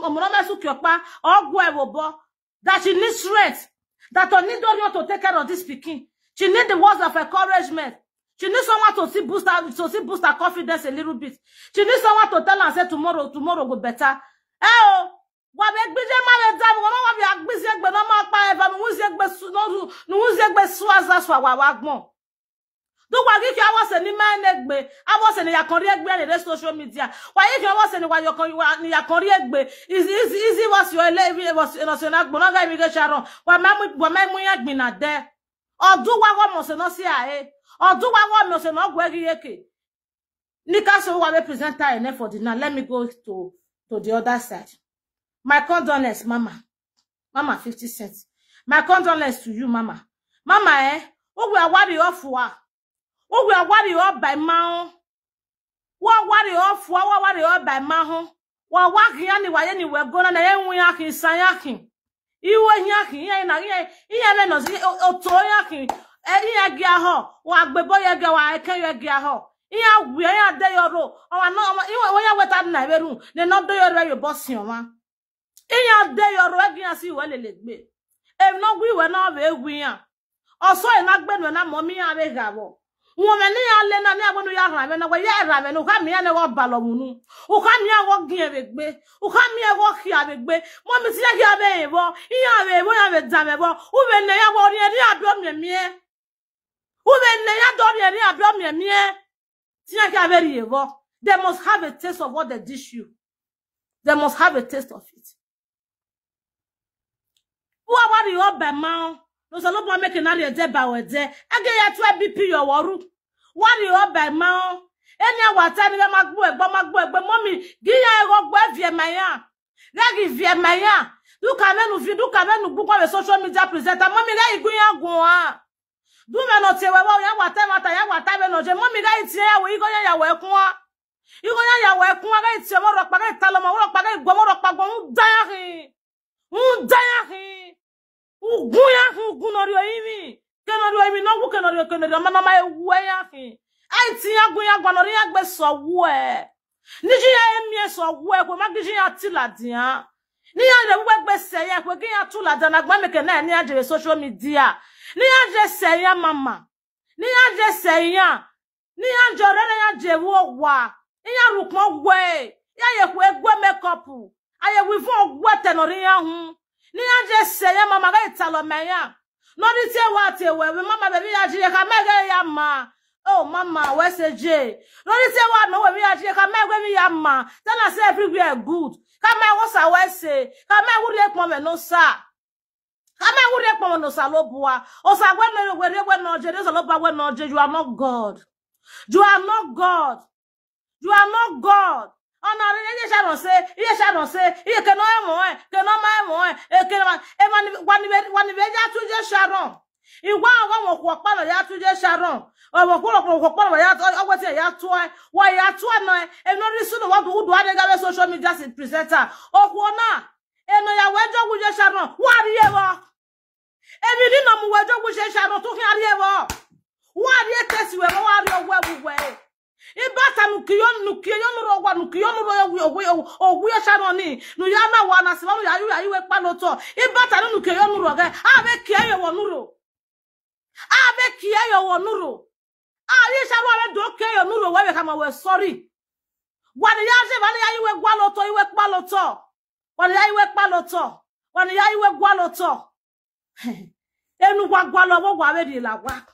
omo no mesu kiopa ogwo ebobo that she needs strength that on need not to take care of this pikin she need the words of encouragement She needs someone to see boost her, to see boost her confidence a little bit. She needs someone to tell her say tomorrow, tomorrow go better. Eh oh, wa be gbije ma le da won wa bi agbise gbe na ma pa eva nu wuzi gbe su no nu wuzi gbe su aza su wa wa gbon. Do wa gi ki awo se ni ma ne gbe, awo se ni ya kan ri egbe re re social media. Wa yi ki awo se ni wa yo kan ni ya kan ri egbe. Is is easy was your levy was national gbon na ga immigration. Wa ma mu wa ma mu ya gbin na there. ọdụgwagwamose nọsi ahe ọdụgwagwamose na ọgwụ eghighi eke nikaso wa for the now let me go to to the other side my mama mama 50 cents my mama mama eh awari awari o by wo awari wo awari o by wo ni we na enwu iwe ehi akị ihe na ihe ihe nenọzi otu onye akị e, ihe gị ahụ wa agbebo ya gị wa eke gị ahụ ihe agwụ ya ade ya ọrụ onye weta na eberu na nọdụ ya ọrụ e, ya bọsi ọma ihe ade ya ọrụ egi ya si iwe lele gbe e, na egwu ya ọsọ na na ya wɔmɛ y'a lɛ na ne y'a y'a ramɛ na wa i y'a ka miya ne wa balɔ munu ka miya wa gɛn bɛ gbɛ ka miya wa kia bɛ gbɛ mɔ misi ya kia bɛ yen bɔ i y'a bɛ yen bɔ u bɛ ne ya bɔ ni yɛ ni y'a u bɛ ne ya dɔ miɛ ni y'a dɔ miɛ miɛ tiɲɛ kia bɛ they must have a taste of what they dish you they must have a taste of it. wọ́n wá rí ọbẹ̀ máa ń nsọlọpọ meke na rịa deba wede ege ya tụọ bp ya ọwọrụ nwari ọba ma o. eni awata n'ihe magbu egbe magbo, egbe momi gị ya ego gbe vie ma ya regi vie ma ya duka nenu vi duka nenu gbukwa we social media presenter Mommy, regi gụ ya gwụ ha dume no tie wewe ya wata mata ya wata be no je momi regi tie ya we igo ya ya we kwụ ha igo ya ya we kwụ ha regi tie wọrọ kpa regi talọ ma wọrọ kpa regi gbọ wọrọ kpa gbọ ń dá ya hì ń dá ya hì. ugwu ya ahụ ugwu nọrịọ imi kenọrịọ imi n'ọgwụ kenọrịọ kenọrịọ mana ma ewue ya ahụ anyị tinye agwụ ya gwanọrọ ya gbe sọgwue niji ya emie sọgwue kwe magiji ya tiladi ya n'ihe a na-egbugbe ya ekwe gị ya tụlada na agba meke na ya jere soshal midia n'ihe aje ya mama n'ihe aje ya n'ihe aje ya ji ewu ihe rụkpọ gwe ya mekọpụ ayekwe ivu ọgwe tenọrọ ya hụ ni aje seye mama ga italo meya no di se wa tie we mama baby ya jire ka mege ya ma oh mama we se je no di se wa no we ya jire ka mege mi ya ma tell us everywhere good ka me wo sa we se ka me wo le pon me no sa ka me wo le pon no sa lo bua o sa gwe no we re we no je so lo bua we no je you are not god you are not god you are not god ọ̀nà ọ̀rẹ́ ilé iṣẹ́ àmọ̀ṣe ilé iṣẹ́ àmọ̀ṣe ilé kẹ̀nà ẹ̀mọ̀ ẹ̀ kẹ̀nà ọmọ ẹ̀mọ̀ ẹ̀ èkèrè wanibẹ́jà tún jẹ́ sharon ìwọ àwọn ọmọ òkú ọ̀pá náà yá tún jẹ́ sharon ọmọ òkú ọ̀pá náà yá ọgbẹ́ tí ẹ̀yà tó ẹ wọ́n ẹ̀yà tó ẹ̀ náà ẹ̀mí orí sínú wọ́n dùn wọ́n adégáwé social media presenter òkú náà ẹ̀nà ìyàwó ẹjọ́ wù jẹ́ sharon wọ́n àrí ẹ̀ wọ́ ẹ̀mí nínú ọmọ ẹjọ́ wù jẹ́ sharon tó fi àrí ẹ̀ wọ́ wọ́n àrí ẹ̀ tẹ̀síwẹ̀ wọ́n àrí ọwọ́ ẹ̀ wù wẹ̀ ẹ̀. ebe asa nukiyonukiyonurụ ọgwa ogwe ogwu yochanoni nu ya na wa na simanụ yayu yayu we kpa n'otu ya atanụ ya ga ya yowonụrụ ya yowonụrụ ya abedo ya yonụrụ ya ka ma we ya gwani ya jebana ya iwe gwa lọtọ ya kpa ya gwani ya iwe ya gwa gwa gwa gwa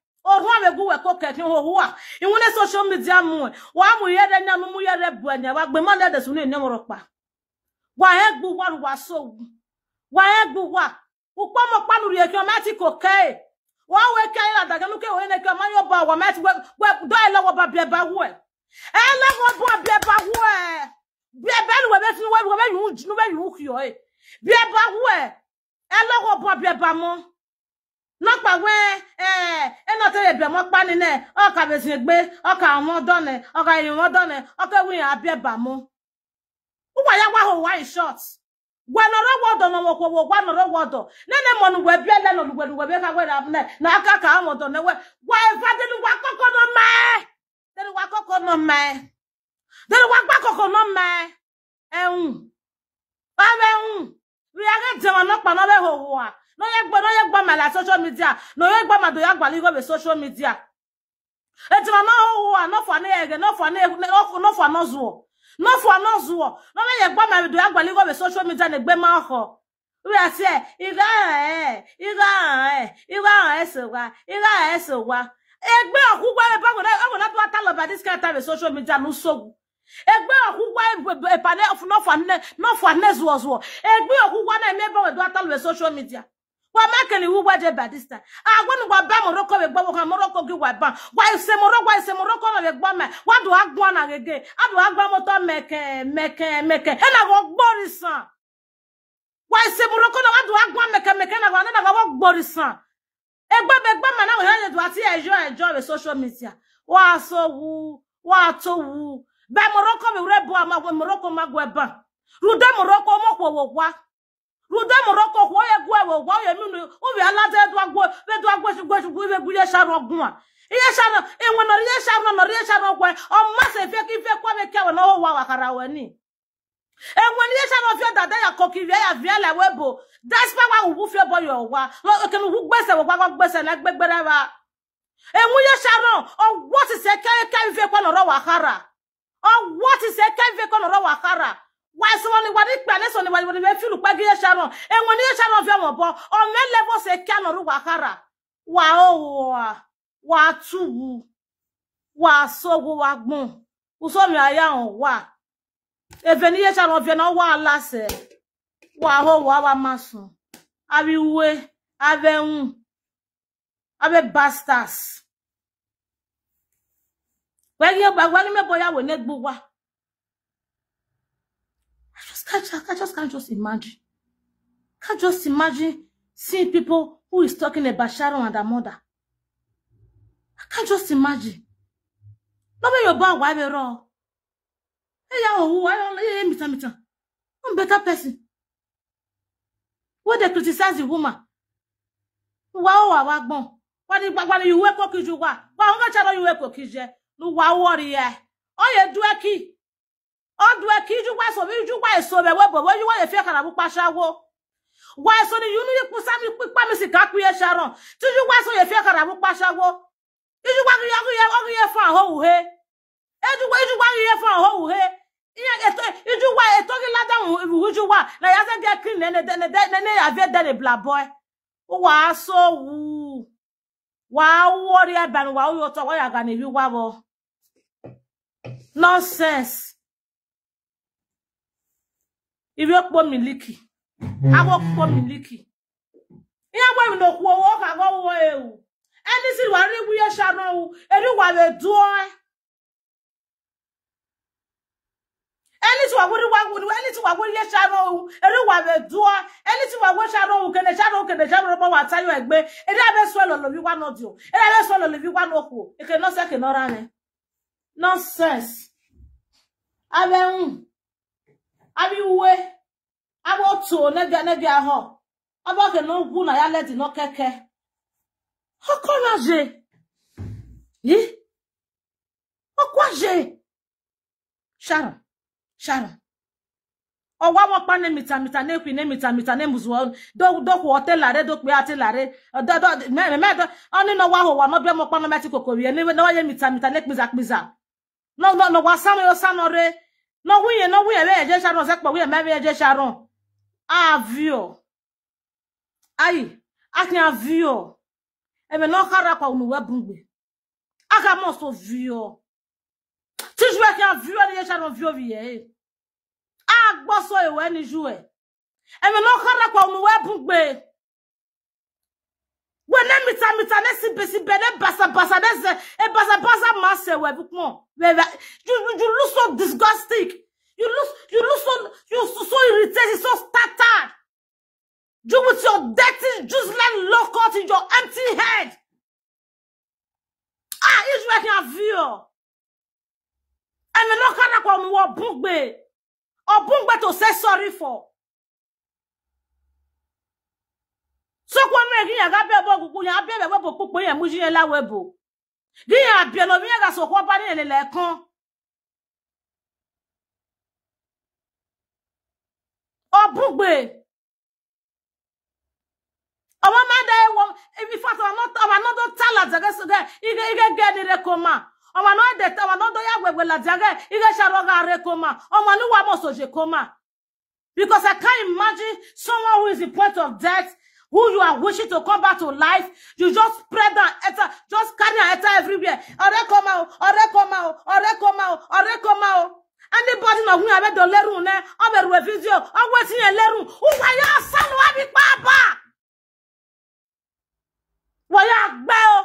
ohome guwe ko kekin ho huwa iwune social media mu wa mu yere nya mu yere bu anya wa gbe ma lede sunu ni moro pa wa he gbu wa wa so wa he gbu wa upo mo panu ri ekin ma ti ko ke e. wa we ke la e daga we ne ke ma yo ba wa ma ti we do e lowo ba be ba wo e e lowo ba be ba wo e be be lu we be sunu we be yu nu be yu ki yo e be ba wo e e nọkpa wee ee ịnọtara ebiamọkpanine ọka bezin gbe ọka nwodone ọka irinwodone abịa bamụ ụgwa ya gwa ha ụwa in short gwa nọrọ wọdọ nọwọkwọwọ gwa nọrọ nene na aka ka amọdọ newe gwa evadelugwa kọkọ nọ mee delugwa kọkọ nọ mee delugwa gbakọkọ nọ mee enwu ọbụ ha no ye gba no ye gba ma la social media no ye gba ma do ya gba go be social media e ti ma no ho oh, oh, ah, no fo na ye no fo na no fo oh, no zuo no fo no zuo no ye gba ma do ya gba go be social media ne gbe ma ho we are say iga eh iga eh iga eh so wa iga eh so wa egbe okugwa e, e bago na ogo e na to tell about this kind of social media no so egbe okugwa e, e pane of no for no for nezuo egbe okugwa na me bago do tell about social media gwa makele iwu gwa je badista agwa ah, mi gwa ba moroko we gwa gwa moroko gi gwa ba gwa ise moroko gwa ise moroko na we gwa me gwa do agwa na gege adu agwa moto meke meke meke e na gwa gborisan gwa ise moroko na adu agwa meke meke na gwa na gwa gborisan egba be gba ma na we hanye do ati ejo ejo be social media wa so wu wa to wu be moroko we re ama gwa moroko ma gwa ba rude moroko mo kwa wo kwa rude moroko ho ye gwe wo wo ye minu o bi alaze do agbo be do agbo shugbo shugbo be buye sharu ogun a iye sharu enwe no iye sharu no iye sharu ogwe o ma se fe ki fe kwa be kewe no wa wakara we ni enwe iye sharu fe dada ya koki ya ve la webo that's why wa wu fe boyo wa lo ke nu gbese wo gwa gbese la gbegbere wa enwe iye sharu o what is e kai kai fe kwa no ro wakara o what is e fe kwa no ro wakara wesoni wadi kpalesoni wadi wadi wefilu kpagi ye sharon enwani ye sharon fi omo bo o melebo se kiano ru wakara wa o wa wa wow, wa sogo wa gbon uso me aya on wa eveni ye sharon fi na wa alase wa ho wa wa masun abi we ave un ave bastards wegi ba me mebo ya we negbu wa I just can't, I just can't just imagine. Can't just imagine seeing people who is talking about Sharon and her mother. I can't just imagine. No your bag why be raw. Hey, why don't let me tell I'm better person. When they criticize the woman, wow, wow, wow, wow, you work, you work, ọdụ eke iju gwa esobe iju gwa esobe wee bobo onye nwaanyị fie kara bụ kpashawo gwa eso ni yunu yi kpusa mi kpa mi si ka kụye sharon tiju gwa eso ye fie kara bụ kpashawo iju gwa gị ọgụ ya ọgụ ya fọ ahụ uhe eju gwa iju gwa gị ya fọ ahụ uhe ihe eto iju gwa eto gị lada uju gwa na ya ze ne ne nene ne ne ya vie dene blaboy wa so wu wa wori ebanu wa uyo to wa ya ga na iwi wa bo nonsense iriokpo miliki agwọkpụkpọ miliki ihe agwaghị na okwu owo ka agọwụwo ewu ndị si wara igwu ya sha n'ọnwụ eriwara duo eliti wagwuri wagwuri eliti wagwuri ye sharo eri wa be dua eliti wagwo sharo kene sharo kene sharo bo wa tayo egbe eri abe swelo lo bi wa no dio eri abe swelo lo bi wa no ku e ke no se ke no rane nonsense abe un abi uwe abotu onega nebi aho abake no ugu na ya ledi no keke okonaje ni okwaje shara shara owa mo pa ne mita mita ne kwi ne mita mita ne muzu on do do ku hotel are do pe ati lare do do me me do oni no wa ho wa no be mo pa no meti kokori ne no mita mita ne kpiza kpiza no no no no wiye no wiye be eje sharon se po wiye me be eje sharon avio ai akin avio e me no kara pa unu we bungbe aka mo so vio ti ju akin avio ni eje sharon vio viye eh. a gbo so ewe ni ju e e me no kara pa unu we bungbe wene mita mita ne si besi bene basa basa ne se e basa basa ma se we bukmo you you look so disgusting you look you look so you so, irritated so tattered you with your dirty just juiceless locket in your empty head ah you make your view and no kana kwa mu obungbe obungbe to say sorry for sokwa mere gị ya ga-abịa ebe ọgwụkwụ ya abịa bịa wepụ kpụkpọ ya mụji ya la webụ gị ya abịa na obi ya ga-asokwa ọbara elele kan ọbụgbe ọmamada ewo ifat ọmanodo tala jagesoge ige ige geni rekoma ọmanode ọmanodo ya gwegwela jage ige sharoga rekoma ọmanuwa mosoje koma because i can't imagine someone who is the point of death who you are wishing to come back to life, you just spread that enter, just carry an enter everywhere. Ọ̀rẹ́ kọ́ máa o, ọ̀rẹ́ kọ́ máa o, ọ̀rẹ́ kọ́ máa o, ọ̀rẹ́ kọ́ máa o. Anybody na hun abedo lerun ne, o be ru video, o we tin yen lerun. Wo ya sanu wa papa. Wo ya gbe o.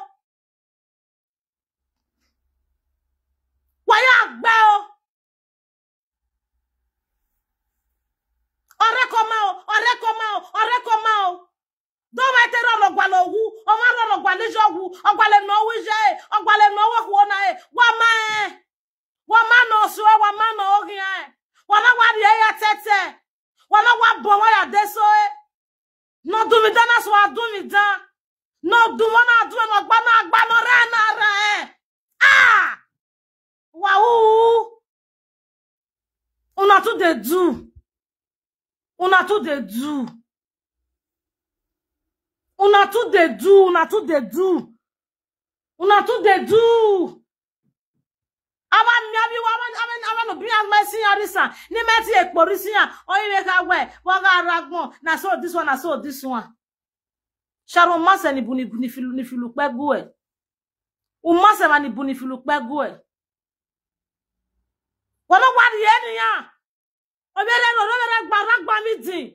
Wo ya gbe o. Ọ̀rẹ́ kọ́ máa o, ọ̀rẹ́ kọ́ máa dometara ọnọgwala ogwu ọmara ọnọgwalije ọgwụ ọgwale na ọwụ ije ọgwale na ọwụ kwuo na gwama gwama e, na osu gwama e, na ohi e. walagwa rie ya tete walagwa bọwa ya deso nọdumida na so adumida nọdumọ na adumọ na ọgba na agba na ọrịa na ara ẹ ah wàhù una tún dey do una tún dey do. Una tout dey do, una too dey do. Una too dey do. Awa miabi wa awa awa awa no bi as my senior risa. Ni meti ekpori senior. Oyi make away. Waga ragbon. Na so this one, na so this one. Sharon mase ni buni ni filu ni filu pe gue. Umase ma ni buni filu pe gue. Wala wadi eniyan. Obere no no no gba ragba mi din.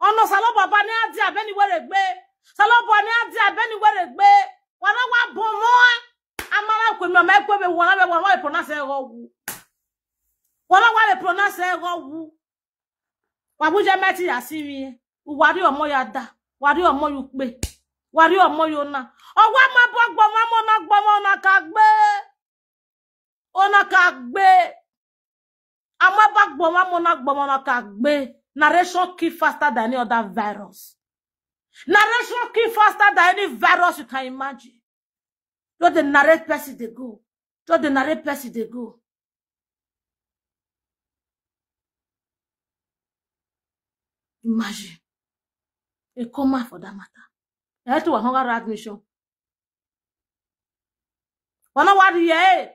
Ono salo baba ni adi abeni were gbe. saloboni adi abeni were gbe wana wa bomo amara kwe mi ma kwe wana be wana be pronounce ego wu wana wa be pronounce ego meti ya siri uwari e. omo da wari kpe wari na owa ma na ka ka ama na ka narration kill faster than any other virus Narration kill faster than any virus you can imagine. Just the narrate person they go. Just the narrate person they go. Imagine. A coma for that matter. I had to a hunger admission. Wana wa di ye.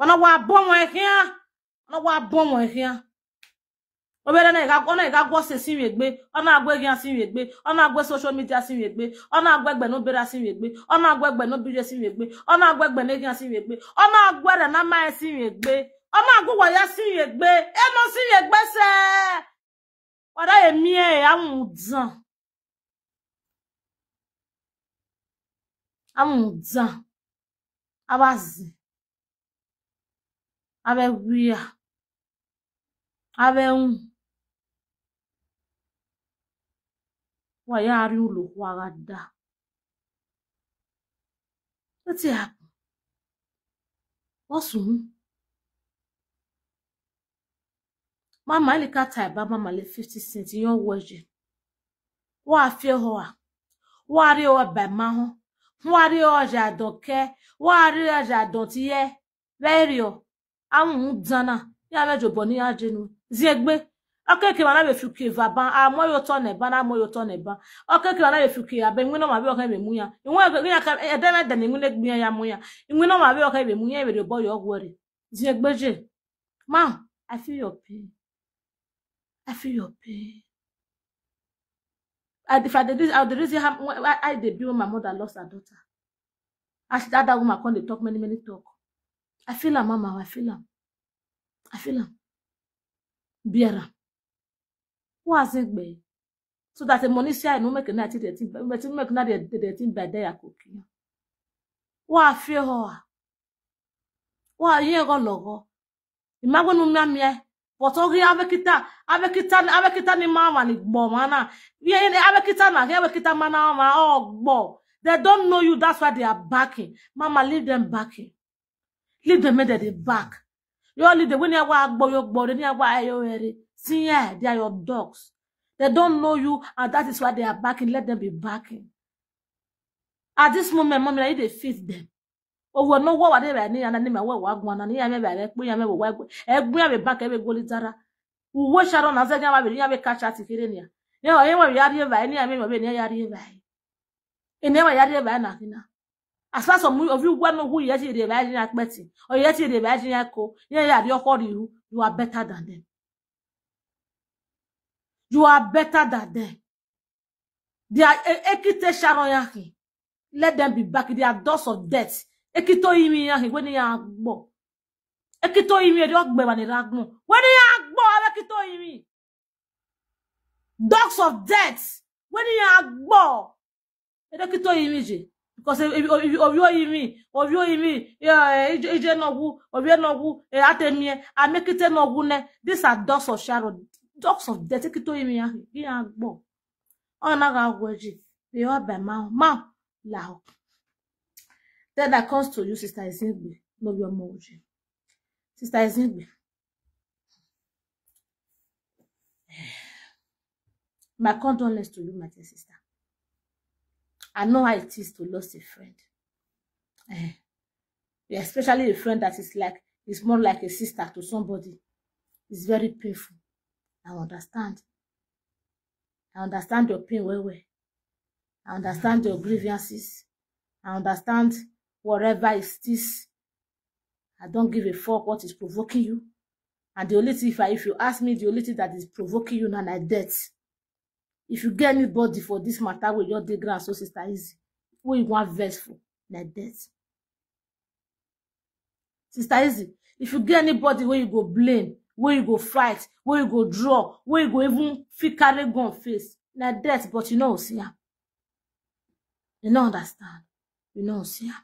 Wana wa bon wa here. Wana wa bon wa here obere na ga na ga gwo se sinwe egbe ona agwe gi asinwe egbe ona agwe social media sinwe egbe ona agwe gbe no bere asinwe egbe ona agwe gbe no bire sinwe egbe ona agwe gbe ne gi asinwe egbe ona agwe re na ma e sinwe egbe ona agwe wa ya sinwe egbe e no sinwe egbe se ora emi e awun zan awun zan abazi abe wia abe un why are you look wagada? What happened? What's wrong? Mama le ka tai baba mama le 50 cent yon weje. Wa fe ho a. Wa re o ba ma ho. Wa re o ja doke. Wa re o ja don ti ye. Very o. Awun dana. Ya mejo boni ajenu. Ziegbe okeke mana be fuki vaban a moyo to ne bana moyo to ne ba okeke mana be fuki abe nwino ma be okan be muya inwe oke ya ka edeme de ne nwine gbian ya muya inwino ma be okan be muya e be de boyo gwore zie gbeje ma i feel your pain i feel your pain I, if I did this, I would reason I, I did when my mother lost her daughter. As that, that woman come, they talk many, many talk. I feel her, mama. I feel her. I feel her. Bear nwaazị mgbe so that money isi anyị na umekena eti mmekena dedeti mba de ya koki wafie hoa wa ihe go logo imagwenu mmamie but oge abekita abekita ni mama ni gbo mana ihe ni kita na ga abekita mana ma ogbo oh, they don't know you that's why they are backing mama leave them backing leave them made they back you only the when you wa gbo yo gbo ni wa ayo yeah, they are your dogs. They don't know you, and that is why they are backing. Let them be backing. At this moment, mommy, I need to feed them. Owó náà wọ́wà dé ìbẹ̀rẹ̀ níyànjú ní ìmọ̀ ẹ̀wọ̀ àgùn àná níyànjú ìbẹ̀rẹ̀ pé ìyànjú We ẹgbẹ́ ẹgbẹ́ àbẹ̀ bá kẹ́bẹ̀ gbólé dára. Owó ṣàrọ̀ náà sẹ́jọ́ àwọn àbẹ̀rẹ̀ yàbẹ̀ káṣá ti kéré nìyà. Níwọ̀n yẹn wọ̀nyí yára ìbẹ̀rẹ̀ níyànjú ìbẹ̀rẹ̀ níyànjú yára ìbẹ̀rẹ̀. Ìníwọ̀n yára ìbẹ̀rẹ̀ nàkínà. Asa some of you when who yet you the virgin are petty or yet you the virgin are co, yeah, yeah, your you are better than them. you are better than them. they are eh, ekite sharon yahin let dem be back, they are dust of death ekite oyimi yahin weneya agbo ekite oyimi de ɔgbɛbanira dun weneya agbo alo ekite oyimi dogs of death are agbo eh, Ekito imi je because ovi oyimi ovi oyimi Ije nogu. nɔwu ovi yɛ nɔwu ɔ ati emi yɛ ame ekite of sharon talks of death ekito imi ya ihe agbọ ọ naghị agwọ ji the ọbịa ma ma lahụ then that comes to you sister Ezingbe lórí ọmọ òjì sister Ezingbe my condolence to you my dear sister I know how it is to lose a friend eh. especially a friend that is like is more like a sister to somebody it's very painful I understand. I understand your pain well well. I understand your grievances. I understand whatever is this. I don't give a fuck what is provoking you. And the only thing, if, I, if you ask me, the only thing that is provoking you now, I death. If you get anybody for this matter, with your day and so sister easy. Who you want verse for? Like death. Sister Easy, if you get anybody where you go blame Where you go fight Where you go draw Where you go even fit carry gun face na death but you know see am you know understand you know see am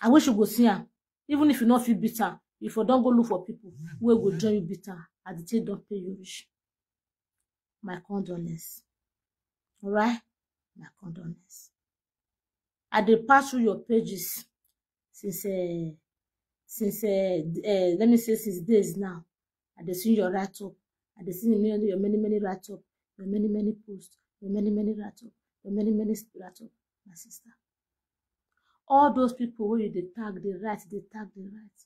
i wish you go see am even if you no feel bitter, if you don't go look for people where go join you bitter, I did the pay you reach my condolence alright my condolence i did pass through your pages since. Uh, since uh, uh, let me say since days now i dey see your write up i dey see many, your many many rat up your many many post your many many write up your many many write up my sister all those people wey you dey tag dey write dey tag dey write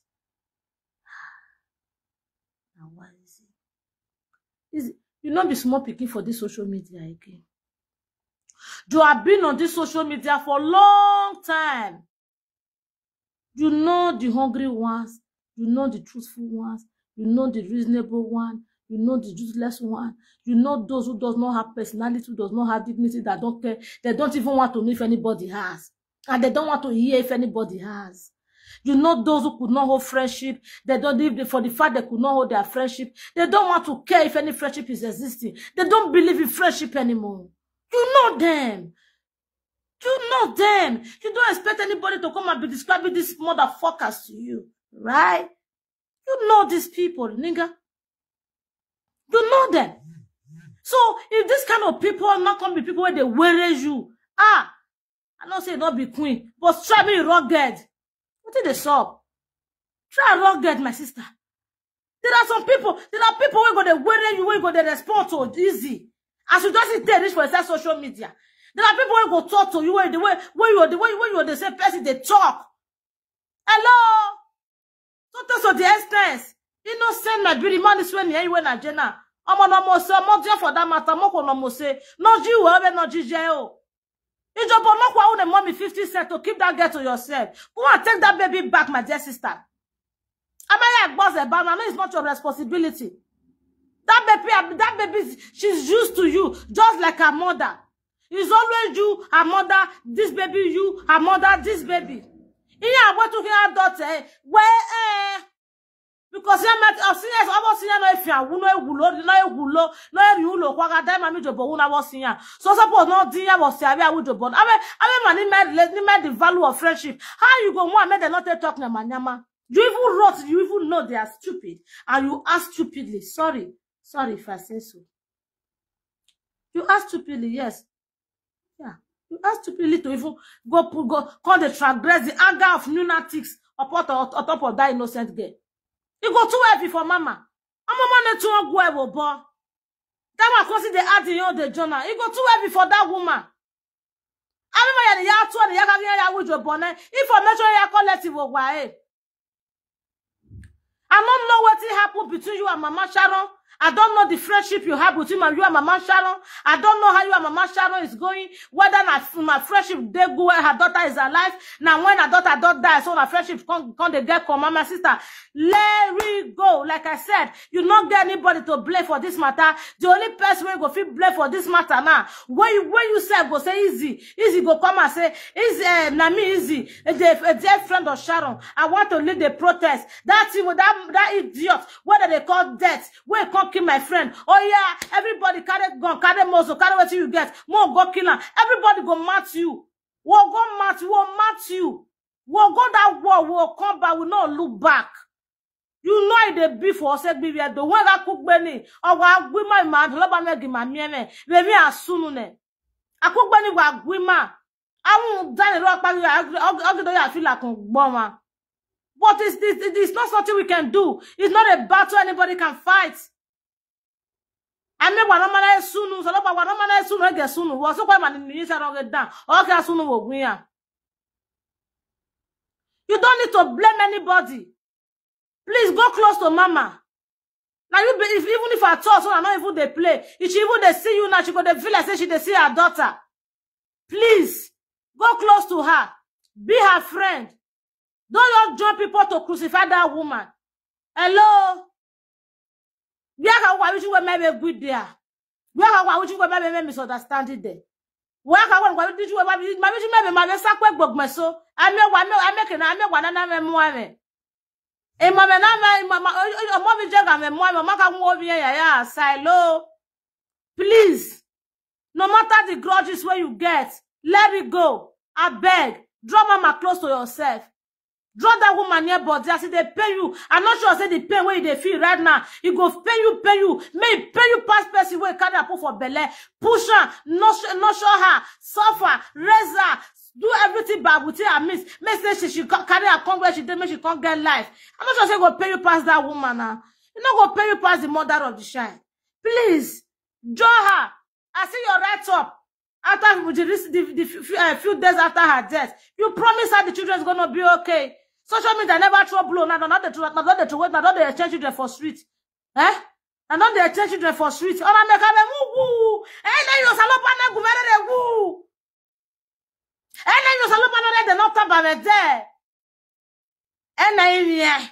na why is it is you no be small pikin for this social media again you have been on this social media for long time You know the hungry ones, you know the truthful ones, you know the reasonable one, you know the useless one, you know those who does not have personality, who does not have dignity, that don't care, they don't even want to know if anybody has. And they don't want to hear if anybody has. You know those who could not hold friendship. They don't live for the fact they could not hold their friendship. They don't want to care if any friendship is existing. They don't believe in friendship anymore. You know them. You know them. You don't expect anybody to come and be describing these motherfuckers to you, right? You know these people, nigga. You know them. So if this kind of people not come be people where they wear you, ah, I don't say not be queen, but try me rugged. What did they solve? Try rugged, my sister. There are some people, there are people where go they wear you, where go they respond to easy. As you just sit there, reach for social media. There are people who go talk to you where the way where you are the way where you are the same person they talk. Hello. So that's what the extent. Innocent beauty. man is when you anywhere Nigeria. Ọmọ na mo se ọmọ je for that matter mo ko na mo se no ji wo be no jije o. Oh. Ìjọba ọlọ́pàá own a mommy 50 cents. to keep that girl to yourself. Go and take that baby back my dear sister. Amaya boss about I know it's not your responsibility. That baby that baby she's used to you just like her mother. It's always you, her mother, this baby, you, her mother, this baby. Ìyẹn àgbẹ̀ tún fi hàn dọ̀tẹ̀ wẹ́ ẹ́ because yẹn mẹ́tẹ́ ọ̀sìnyẹn ọmọ ọ̀sìnyẹn náà fi àwọn náà ewu ló náà ewu ló náà èrì wúlò kó aga dá màmí ìjòbó òun náà wọ́n sí yàn so suppose náà dín yẹn wọ̀ sí àbí àwọn ìjòbó náà abẹ́ abẹ́ mà ní mẹ́ ní mẹ́ the value of friendship how you go wan make dem no take talk yamayama you even rot you even know they are stupid and you act stupidly sorry sorry if I say so you act stupidly yes How stupidly to even go put go call the transgress the anger of lunatics upon on top of that innocent girl. You go too heavy for mama. I'm a man too go ever boy. That one consider adding on the journal. You go too heavy for that woman. I remember ya to the ya ya ya with your bonnet. Information ya collective wa eh. I don't know what happened between you and Mama Sharon. I don't know the friendship you have between you and Mama Sharon. I don't know how you and Mama Sharon is going. Whether my, my friendship they go where her daughter is alive. Now when her daughter don't die, so my friendship come, come the girl come, my sister. Let it go. Like I said, you not get anybody to blame for this matter. The only person where go feel blame for this matter now. When you, you say go say easy, easy go come and say eh, easy. Uh, Nami easy. A dear friend of Sharon. I want to lead the protest. That that that idiot. What they call death? Where come kill my friend oh yeah everybody carry gun carry muscle carry wetin you get More go kill am everybody go match you We'll go match. We'll match you We'll go that war We'll come back We'll not look back you know it dey be for osegbi where the one that cook gbeni ọwọ agbima ima adoloba megima mieme remi asunu ne akúgbẹ́ni wà gbímà àwọn dánilọ́ parí ọgídọ́ yà fi làkùn gbọ́n wa but it's, it's, it's not something we can do it's not a battle anybody can fight ane wana mana esunu solo pa wana mana esunu ege sunu wo so kwa mani ni se roge dan o ka sunu wo gun ya you don't need to blame anybody please go close to mama now you be, if even if I talk, so I know even they play if she even they see you now she go they feel like say she they see her daughter please go close to her be her friend don't just join people to crucify that woman hello where can we wish we may good there where can we wish we may be misunderstanding there where can we wish we may be may wish we may be sakwe gbogmeso ame wa me ame kena ame wa nana me mu ame e mo me na me mama o mo bi je ga me mu ame ma ka wo bi ya ya silo please no matter the grudges where you get let it go i beg draw mama close to yourself Draw that woman near body as they pay you. I'm not sure I say the pay where they feel right now. It go pay you, pay you. May pay you past person where carry up for belly. Push her, not, not sure her, suffer, raise her, do everything by what I miss. Make say she, she carry her come where she did, make she can't get life. I'm not sure I say go pay you past that woman now. You not go pay you past the mother of the child. Please, draw her. I see your right up after the, the, the, the uh, few days after her death. You promise her the children is going be okay. Social media never trouble blow. Now, not the true, not the true, not the exchange children for street. Eh? And not the exchange children for street. Oh, my God, I'm woo. Eh, then you salopa na guvere woo. Eh, then you salopa na de not about eh, eh, eh, there. Eh, na yeah.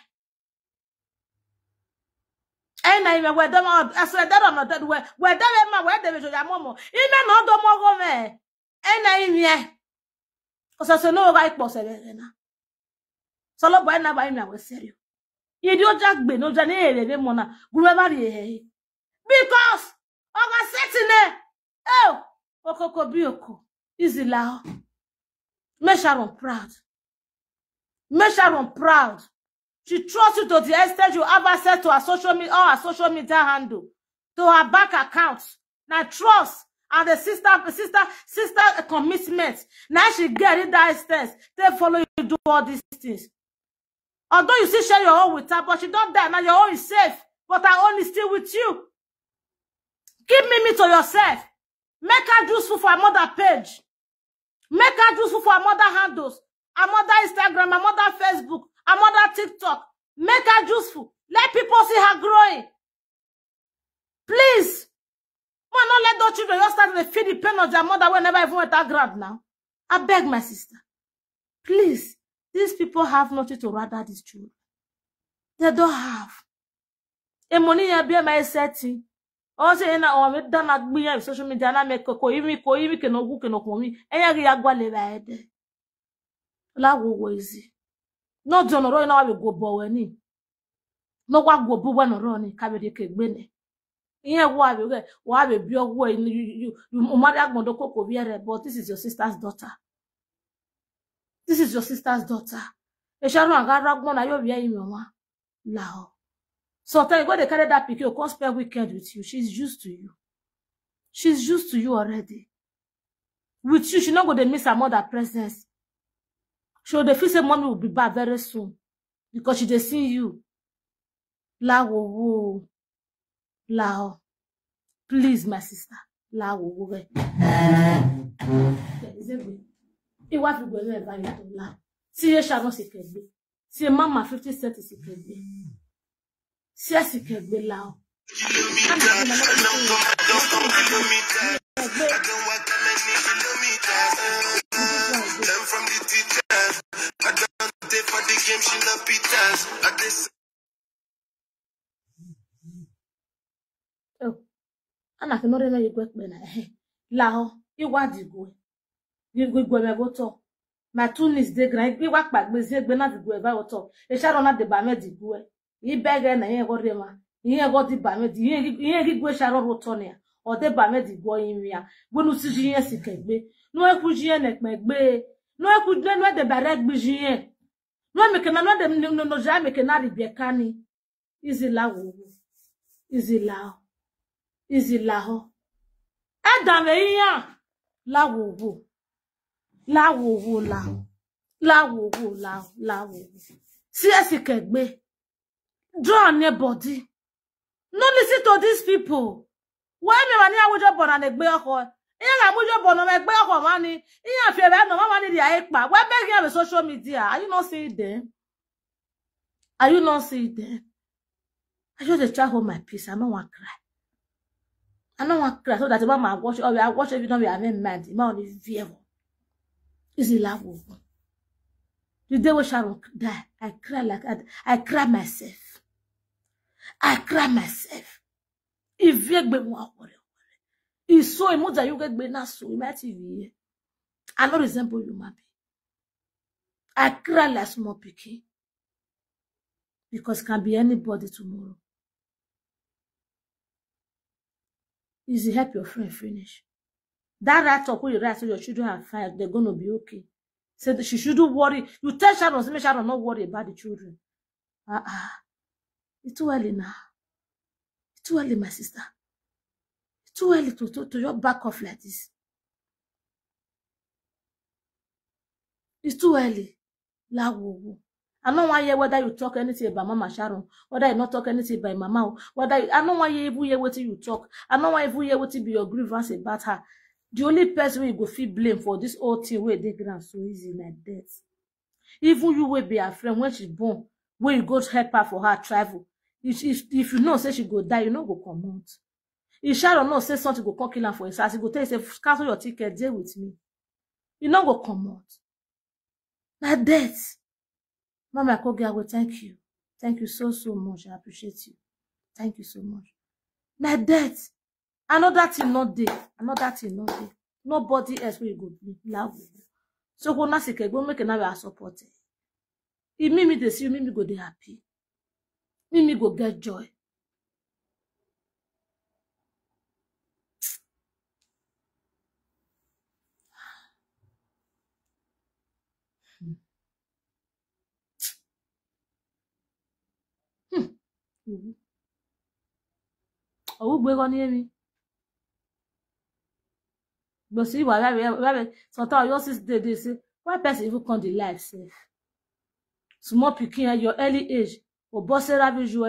Oh, ena ime we dem aso e dem no dead we we dem e ma we dem so ya momo ime na odo mo go me ena ime o so so no ga ipo se be na sọlọbọ na agbaghị na weserio ịdị ụja gbe na ụja na-erere mụ na gụrụebari ehehe bikos ọga setine e okoko bioko Me Sharon proud Me Sharon proud she trusts you to the extent you ever access to her social media or her social media handle to her bank account na trust and the sister sister sister commitment Now she get it that extent they follow you do all these things Although you still share your own with her, but she don't die. Now your own is safe. But her own is still with you. Keep Mimi to yourself. Make her useful for mother page. Make her useful for mother handles. mother Instagram, mother Facebook, mother TikTok. Make her useful. Let people see her growing. Please. why not let those children just start to feel the pain of their mother whenever even went that grab now. I beg my sister. Please. These people have nothing to rather these children. They don't have. A money be my setting. Also, in our dana be a oh, social media na me koko imi ko imi ke no guke no komi. ya gwa leba ede. La wo ezi. No jonoro ina wa be go bo weni. No go ka be de ke Ihe wa be we be you you koko this is your sister's daughter. This is your sister's daughter. Esharu and Ragbon are you in your one? Lao. Sometimes go to carry that picture. you can't spend weekend with you. She's used to you. She's used to you already. With you, she not to miss her mother presence. She'll they feel say mommy will be back very soon. Because she just seen you. Lao wo. Lao. Please, my sister. Lao wo. Is it good? iwa fi gbẹ̀mí ẹ̀bá yẹn tó la tí yẹ ṣàánú sì kẹgbẹ́ tí yẹ máma fifty cent sì kẹgbẹ́ sí ẹ̀sì kẹgbẹ́ la o. Oh, ana kinore na igwe kpena ehe laho igwa digwe gbigbe me boto ma tunis de gran gbe wa pagbe ze gbe na digwe ba boto e sha rona de ba me digwe i bege na ye gore ma ihe go di ba me di ihe gi gwe sha ro boto ne o de ba me digwo yin ya gbonu si ji yen si kegbe no e ku ji yen ne pegbe no e de no de ba re gbe ji yen no me ke na no de no no ja me ke na ri bi ka ni izi la láwòwò la láwòwò la láwòwò csc kẹgbẹ draw on your body no listen to these people wọ́n mi wà ní àwùjọ bọ̀nà lè gbé ọkọ̀ ìyá àwùjọ bọ̀nà lè gbé ọkọ̀ wọn ni ìyá àfi ẹ̀rẹ́ nà wọ́n wà nídìí àyè pa wọ́n bẹ́ẹ̀ kí ẹ̀ rẹ̀ social media are you not see it then are you not see it then i just dey try hold my peace i no wan cry i no wan cry so that if i ma watch or we are watch every time we are in mind e ma only fear is in love with me. The day when Sharon died, I cried like that. I cried myself. I cried myself. If you get more worry, it's so much that you get better so much TV. I don't resemble you, mommy. I cry like small pikin because can be anybody tomorrow. Easy, help your friend finish. That rat or query rat, so your children are fine, they're gonna be okay. So she shouldn't worry. You tell Sharon, say, Sharon, not worry about the children. Ah, uh ah. -uh. It's too early now. It's too early, my sister. It's too early to, to, to your back off like this. It's too early. La wo wo. I don't want to hear whether you talk anything about Mama Sharon, whether you not talk anything about Mama, whether you, I don't want to hear what you talk. I don't want to hear what be your grievance about her the only person wey you go feel blame for this whole thing where they ground so easy like that. even you will be her friend when she born Where you go to help her for her travel if if, if you know say she go die you no go come out. if sharon know say something go come kill am for his ass. he go tell you say cancel your ticket Deal with me you no go come out. na death mama kogiago thank you thank you so so much i appreciate you thank you so much na death another thing no dey another thing no day. nobody else will you go love you. so go nasi Go make another we are supported if mimi dey see you mimi go be happy mimi go get joy ọwụgbo ego me? we go see wahala wahala sota oyosu dey dey say why pesin even come dey lie sef. small pikin at your early age obossera bi you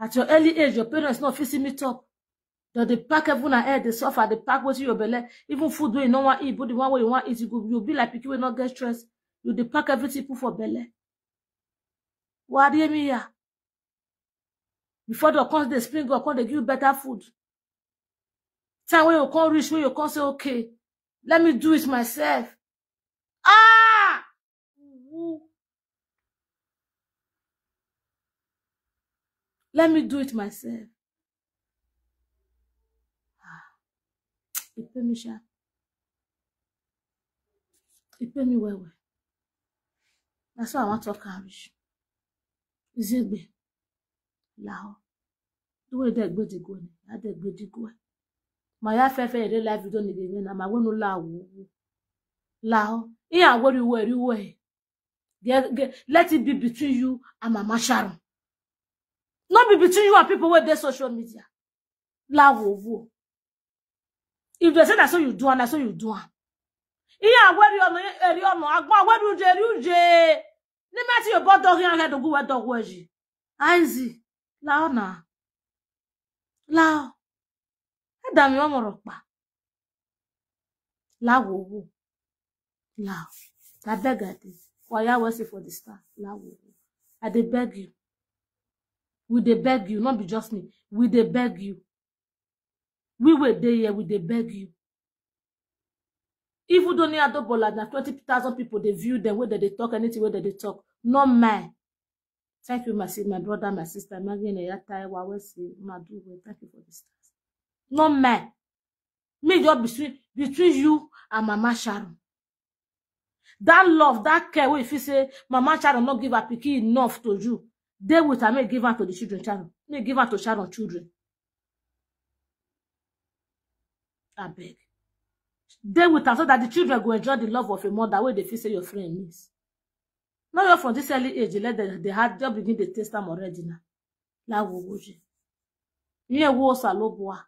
at your early age your parents no fit see me tok dey pack every one na head dey suffer dey pack wetin your belle even food wey you no wan eat but the one wey you wan eat you go you be like pikin wey no get stress you dey pack everything put for belle. wa before don come dey spring up come dey give you better food. Time when you can't reach me, you can't say, okay, let me do it myself. Ah! Let me do it myself. Ah. Ìpè mi ṣá. me well, well. That's why I want to carry. Is it be? Lao. The way that go to go, I that go to go. ma ya fefe ere live video na ga na ma nwenụ lawụ ugwu lahụ ihe agwere iwe eri uwe let it be between you and mama sharon no be between you and people wey dey social media lawụ ugwu if they say na so you do am na so you do am ihe agwere ọnụ eri ọnụ eh, agwa agwere uje eri uje n'ime ati yobo dọghị ahịa dogwu wee dọgwu eji aizi lahụ na lahụ dà mí mọ́mọ̀rọ̀ pa láwo owó now i beg i Why I wesi for the star láwo owó i dey beg you we dey beg you not be just me we dey beg you We wíwè dey here we dey beg you even though ní adóbọlà na twenty thousand people dey view them where they talk anything Where they talk no mind thank you my, my brother my sister my eya taiwa wesi maduwe thank you for this time not mine me just between between you and mama sharon that love that care Where if you say mama sharon not give her picky enough to you dey with her make give her to the children sharon make give her to sharon children abeg dey with am so that the children will enjoy the love of a mother Where dey feel say your friend miss no your from this early age let them They hard just begin dey taste am already na lawo woje iye wo salobua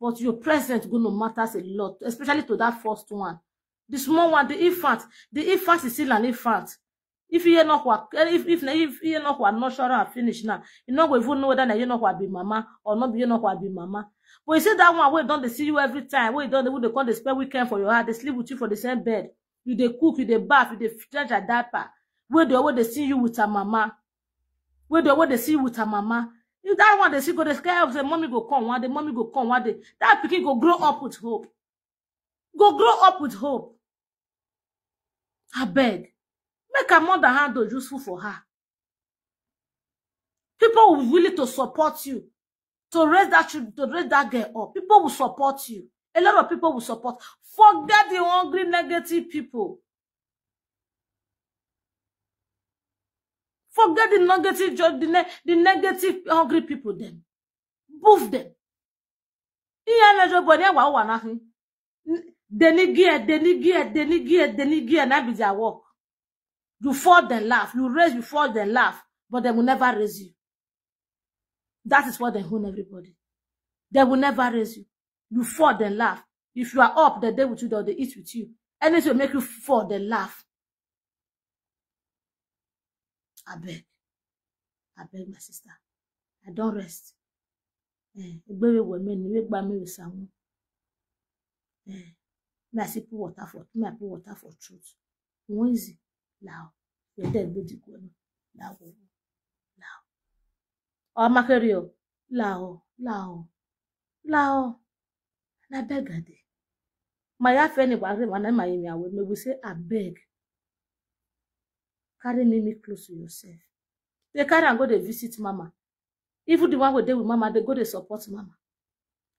but your present gonna matters a lot, especially to that first one. The small one, the infant, the infant is still an infant. If you not if if if you know what, not sure I finish now. You know we even know that you know what be mama or not be you know what be mama. But you see that one where don't they see you every time? Where don't they would they come they spend weekend for your heart? They sleep with you for the same bed. You they cook, you they bath, you they change a diaper. Where they where they see you with a mama. Where they where they see you with a mama. if that one dey see go dey scare help say mommy go come one day mommy go come one day dat pikin go grow up with hope. go grow up with hope. abeg make her mother handle useful for her pipo will be willing to support you to raise dat to raise dat girl up pipo will support you a lot of pipo will support forget di hungry negative pipo. forget di negative jo ne the negative hungry pipo dem boof dem eya imia jo boyo eya wahoh wana hi deni gear deni deni deni na be dia work you fall then laugh you raise you fall then laugh but dem will never raise you that is what dem own everybody dem will never raise you you fall then laugh if you are up dey dey with you dey eat with you anything go make you fall then laugh. I beg, I beg my sister i don't rest baby egbere wemeni wey gba mmiri sanwo may i still put water for may i put water for throat wọn easy lao yẹdẹ gbòdì gbòdì lao lao ọmakere Now. lao lao lao na abeg ade my half any gbagre ma na my emi awo mebu say beg carry me close to yourself They carry and go to visit mama even the one who dey with mama they go to support mama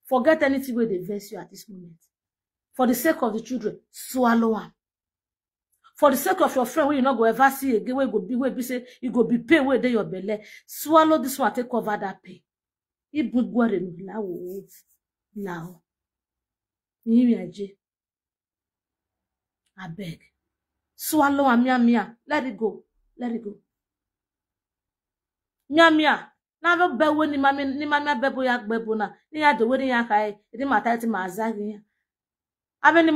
forget anything wey dey vex you at this moment for the sake of the children swallow am for the sake of your friend wey you not go ever see again wey go be where be say you e go be pay where they your belle swallow this one take cover that pay. would go lawo now nyiwe I beg. swallow and mia mia. Let it go. Let it go. Mia mia. Na ro bewe ni ya ni mami ya bebo na. Ni ya dowe ni ya kai. E. Ni mata ma e zagi ya. ni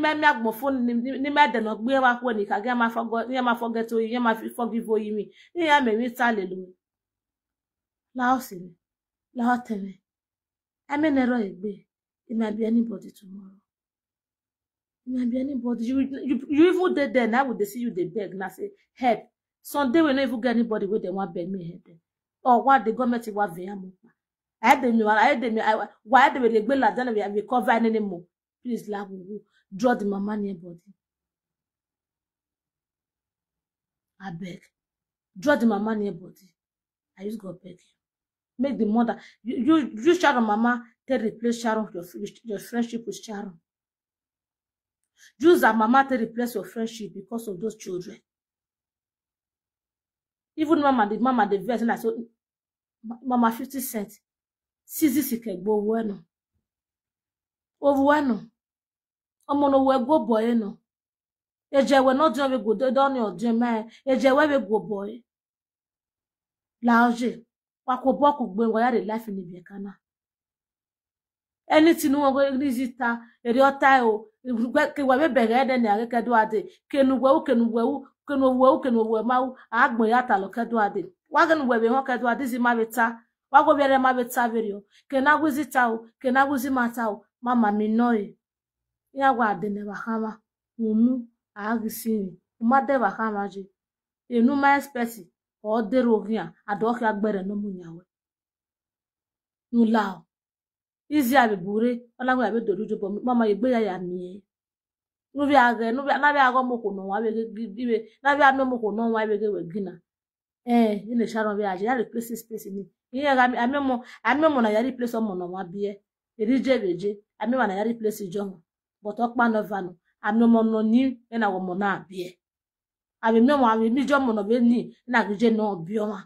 ma ni agbo phone ni ni ma de no gbe ni ma forget ni ma forget ma forgive Ni ya me ta It might be anybody tomorrow. you be anybody you you you even dey there now they see you They beg na say help sunday we no even get anybody where they want beg me help dem or oh, wa the government wa veyan mo pa ayédèmí ayédèmí wa ayédèmí dey gbé làjálẹ we we cover any mo please love lawowo draw the mama near I beg. draw the mama near body i use god beg you make the mother you you, you sharon mama take replace sharon your, your friendship with sharon Jews and mama take replace place friendship because of those children. Even mama, the mama, the verse, and I said, mama, 50 cents. Sizi sikegbo wenu. Ovuenu. Omono wego boyeno. Ejewe no jome go doni o jeme. Ejewe we go boy. Laoje. Wakoboku gbe ngwa ya de life ni bekana. anything no go nizita eriota o ke wa be bere de na ke do ade ke nu gwe ke nu gwe ke nu gwe ke nu gwe ma agbon ya talo ke do ade wa ke nu gwe be ho ke do ade zi ma beta wa go bere ma beta bere o ke na guzi ta o ke na guzi ma ta o mama mi noi ya gwa ade ne ba hama unu agisi ma de ba hama ji enu ma espesi o dero hia adohia gbere no munyawe izi abi bure ọlagwe e. abi dodu ju bomi mama egbe ya ya mie nubi age nubi nabi ago moko no wa bege ibe nabi ame moko no wa bege we gina eh ile sharon bi aje ya replace space ni iye ga mi ame mo ame mo na ya replace mo no wa bie erije beje ame wa na ya replace jo mo but okpa no vanu ame mo no ni na wo mo na bie abi me mo abi mi jo mo no be ni na gije no bi o ma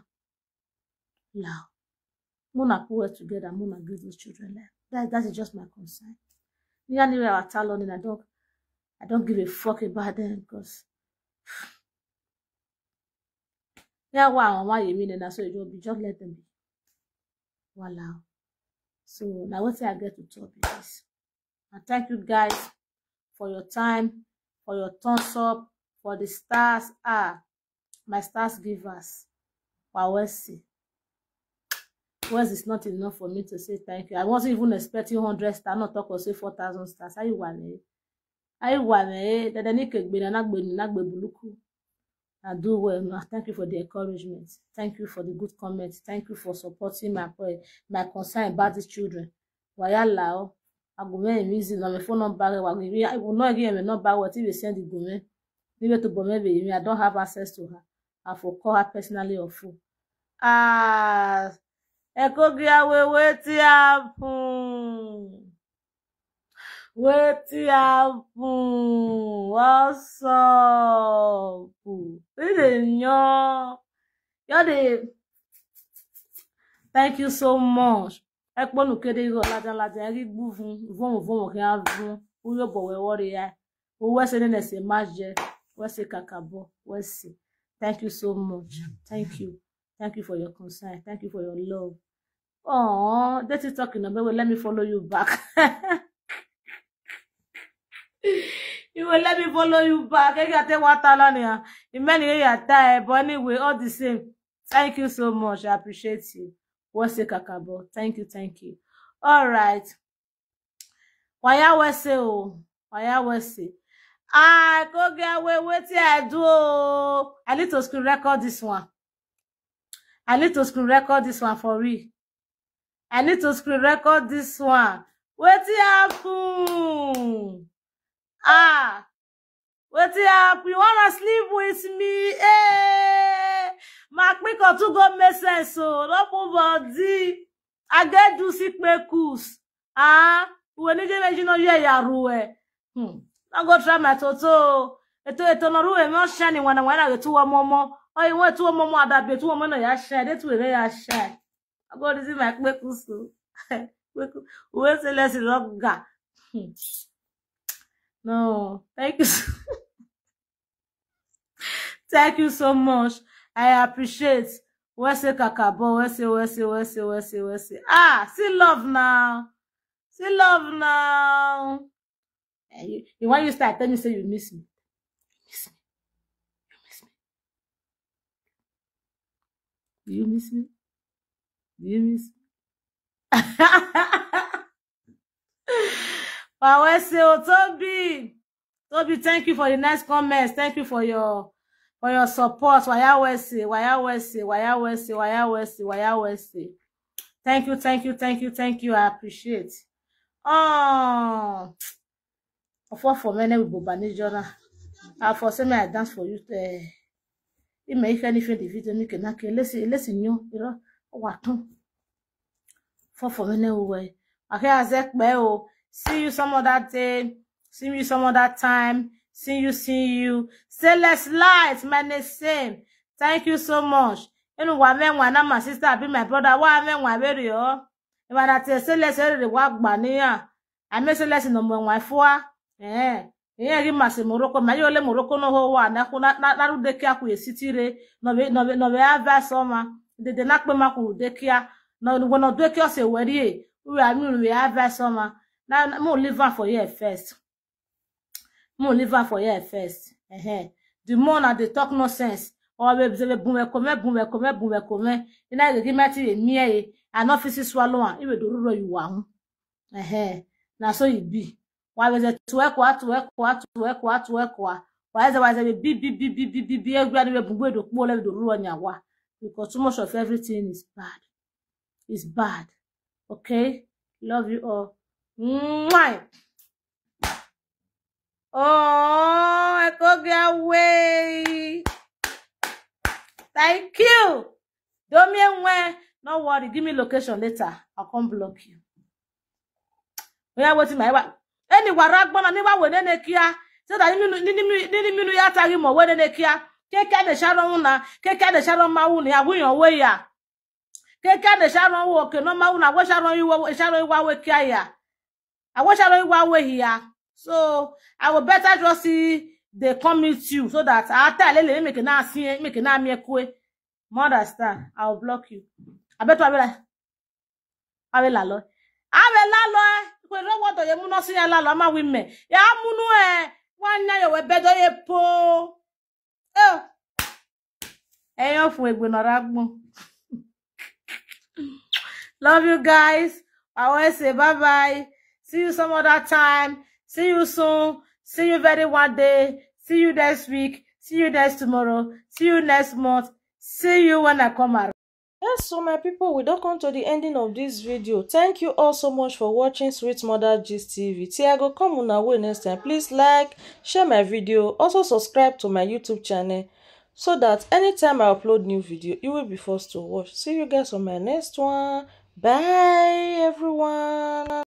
Mona put us together, Mona give those children life. That, that is just my concern. Me and anyway, I tell on I don't I don't give a fuck about them because yeah, wow, why you mean and I so you be just let them be. Wow. So now what I get to talk is this. I thank you guys for your time, for your thumbs up, for the stars. Ah, my stars givers. Wow, well, see once it's not enough for me to say thank you i wasn't even expecting 100 stars. Not talk or say 4,000 stars ayé wà ní ayé wà ní dandan ní kègbè ní anágbè ní anágbè burúkú i do well thank you for the encouragement thank you for the good comment thank you for supporting my prayer my concern about these children wàyálà ọ agùnmẹ́ mi zi na mi phone number rẹ i will not give mi number wọ tí we send gùnmẹ́ níbi tó to mẹ́bẹ̀ yìí mi i don't have access to her i for call her personally or phone. Ah, Ekogia we weti happen. Weti happen. What's up? It is nyo the Thank you so much. Ekponu kede go lajan lajan ri gbu fun vomo vomo ki a fun. Uyo bo we wori ya. O wese ni se maje. Wese kakabo. Wese. Thank you so much. Thank you. Thank you for your concern. Thank you for your love. Oh, that is talking about. Well, let me follow you back. you will let me follow you back. I got one talent here. In many years, time, but anyway, all the same. Thank you so much. I appreciate you. What's the kakabo? Thank you, thank you. All right. Why I was Waya Why I was go get away with it. I do. I need to screen record this one. I need to screen record this one for we. I need to screen record this one. Wetin happen? Ah, wetin up, You wanna sleep with me? Hey, my quick or two go make So don't move body. I get do sick cools. Ah, we need to you know yeah yeah ruwe. Hmm. I go try my toto. Eto eto no ruwe. Me on shani wana wana to a momo. Oh, you oyiwe tuwo mọmọ adabie tuwo mọ náà ya ṣe detuwere ya ṣe agbọdọdí máa pẹkú sùn òwe ṣẹlẹ̀ sí rọgà no thank you thank you so much i appreciate Where's Where's where's the the the where's the where's the where's the ah see love now see love now and eh, you, when you start tell me say you miss me Do you miss me? Do you miss me? Paweseo Tobi. Tobi, thank you for the nice comments. Thank you for your for your support. Wayawese, Wayawese, Wayawese, Wayawese, Wayawese. Thank you, thank you, thank you, thank you. I appreciate. Oh, for for many we go banijona. I for say me I dance for you. Uh, ime ife n'ife davido n'ike n'aka elesi elesi nyo iro ụwa tụ fọfọmene uwe ahịa aze kpee o see you some other day see you some other time see you see you say less light many same thank you so much enu wa me nwa na my sister be my brother wa me nwa beri o e ma na te say less erere wa gba niyan i me say less in mo nwa fua eh, eh. ihe gị masị moroko ma ihe ole moroko n'ụwa ụwa narudekia kwụ esitire noveavasoma dede na akpemakwuru dekia nogbonodekia ọsọ were ureamiruavasoma mo live for here first mo live for here first ehe the more na the talk no sense ọbebzebe bumekome bumekome bumekome ina gị meti emie ye an ofisi swallow an iwedoruro iwu ahụ ehe na so ibi waweze tuwekwa atuwekwa atuwekwa atuwekwa waweze waweze bi bi bi bi bi bi bi egwu adiwe bugbo edo kpo ole edo ruo nyawa because too much of everything is bad is bad okay love you all mwai oh I go get away thank you domi enwe no worry give me location later I'll come block you oya wetin my wife eni wara gbona ni wa wenene kia so that ninu ninu ninu ya tari mo wenene kia keke de sharon na keke de sharon mawu ni awiyan we ya keke de sharon wo ke no mawu na wo sharon yiwo sharon yiwa we kia ya awo sharon yiwa we ya so i will better just see they come meet you so that after lele make na me make na me kwe mother star i will block you abeto abela abela lord awe lalo e kwe ro wodo ye muno si lalo ama wime ya munu e eh, wanya yo webedo ye po eh eyan fun egbe nara gbon love you guys i will say bye bye see you some other time see you soon see you very one day see you next week see you next tomorrow see you next month see you when i come around yes so my people we don come to the ending of this video thank you all so much for watching sweet mother gist tv till i go come una way next time please like share my video also subscribe to my youtube channel so that anytime i upload new video you will be forced to watch see you guys on my next one bye everyone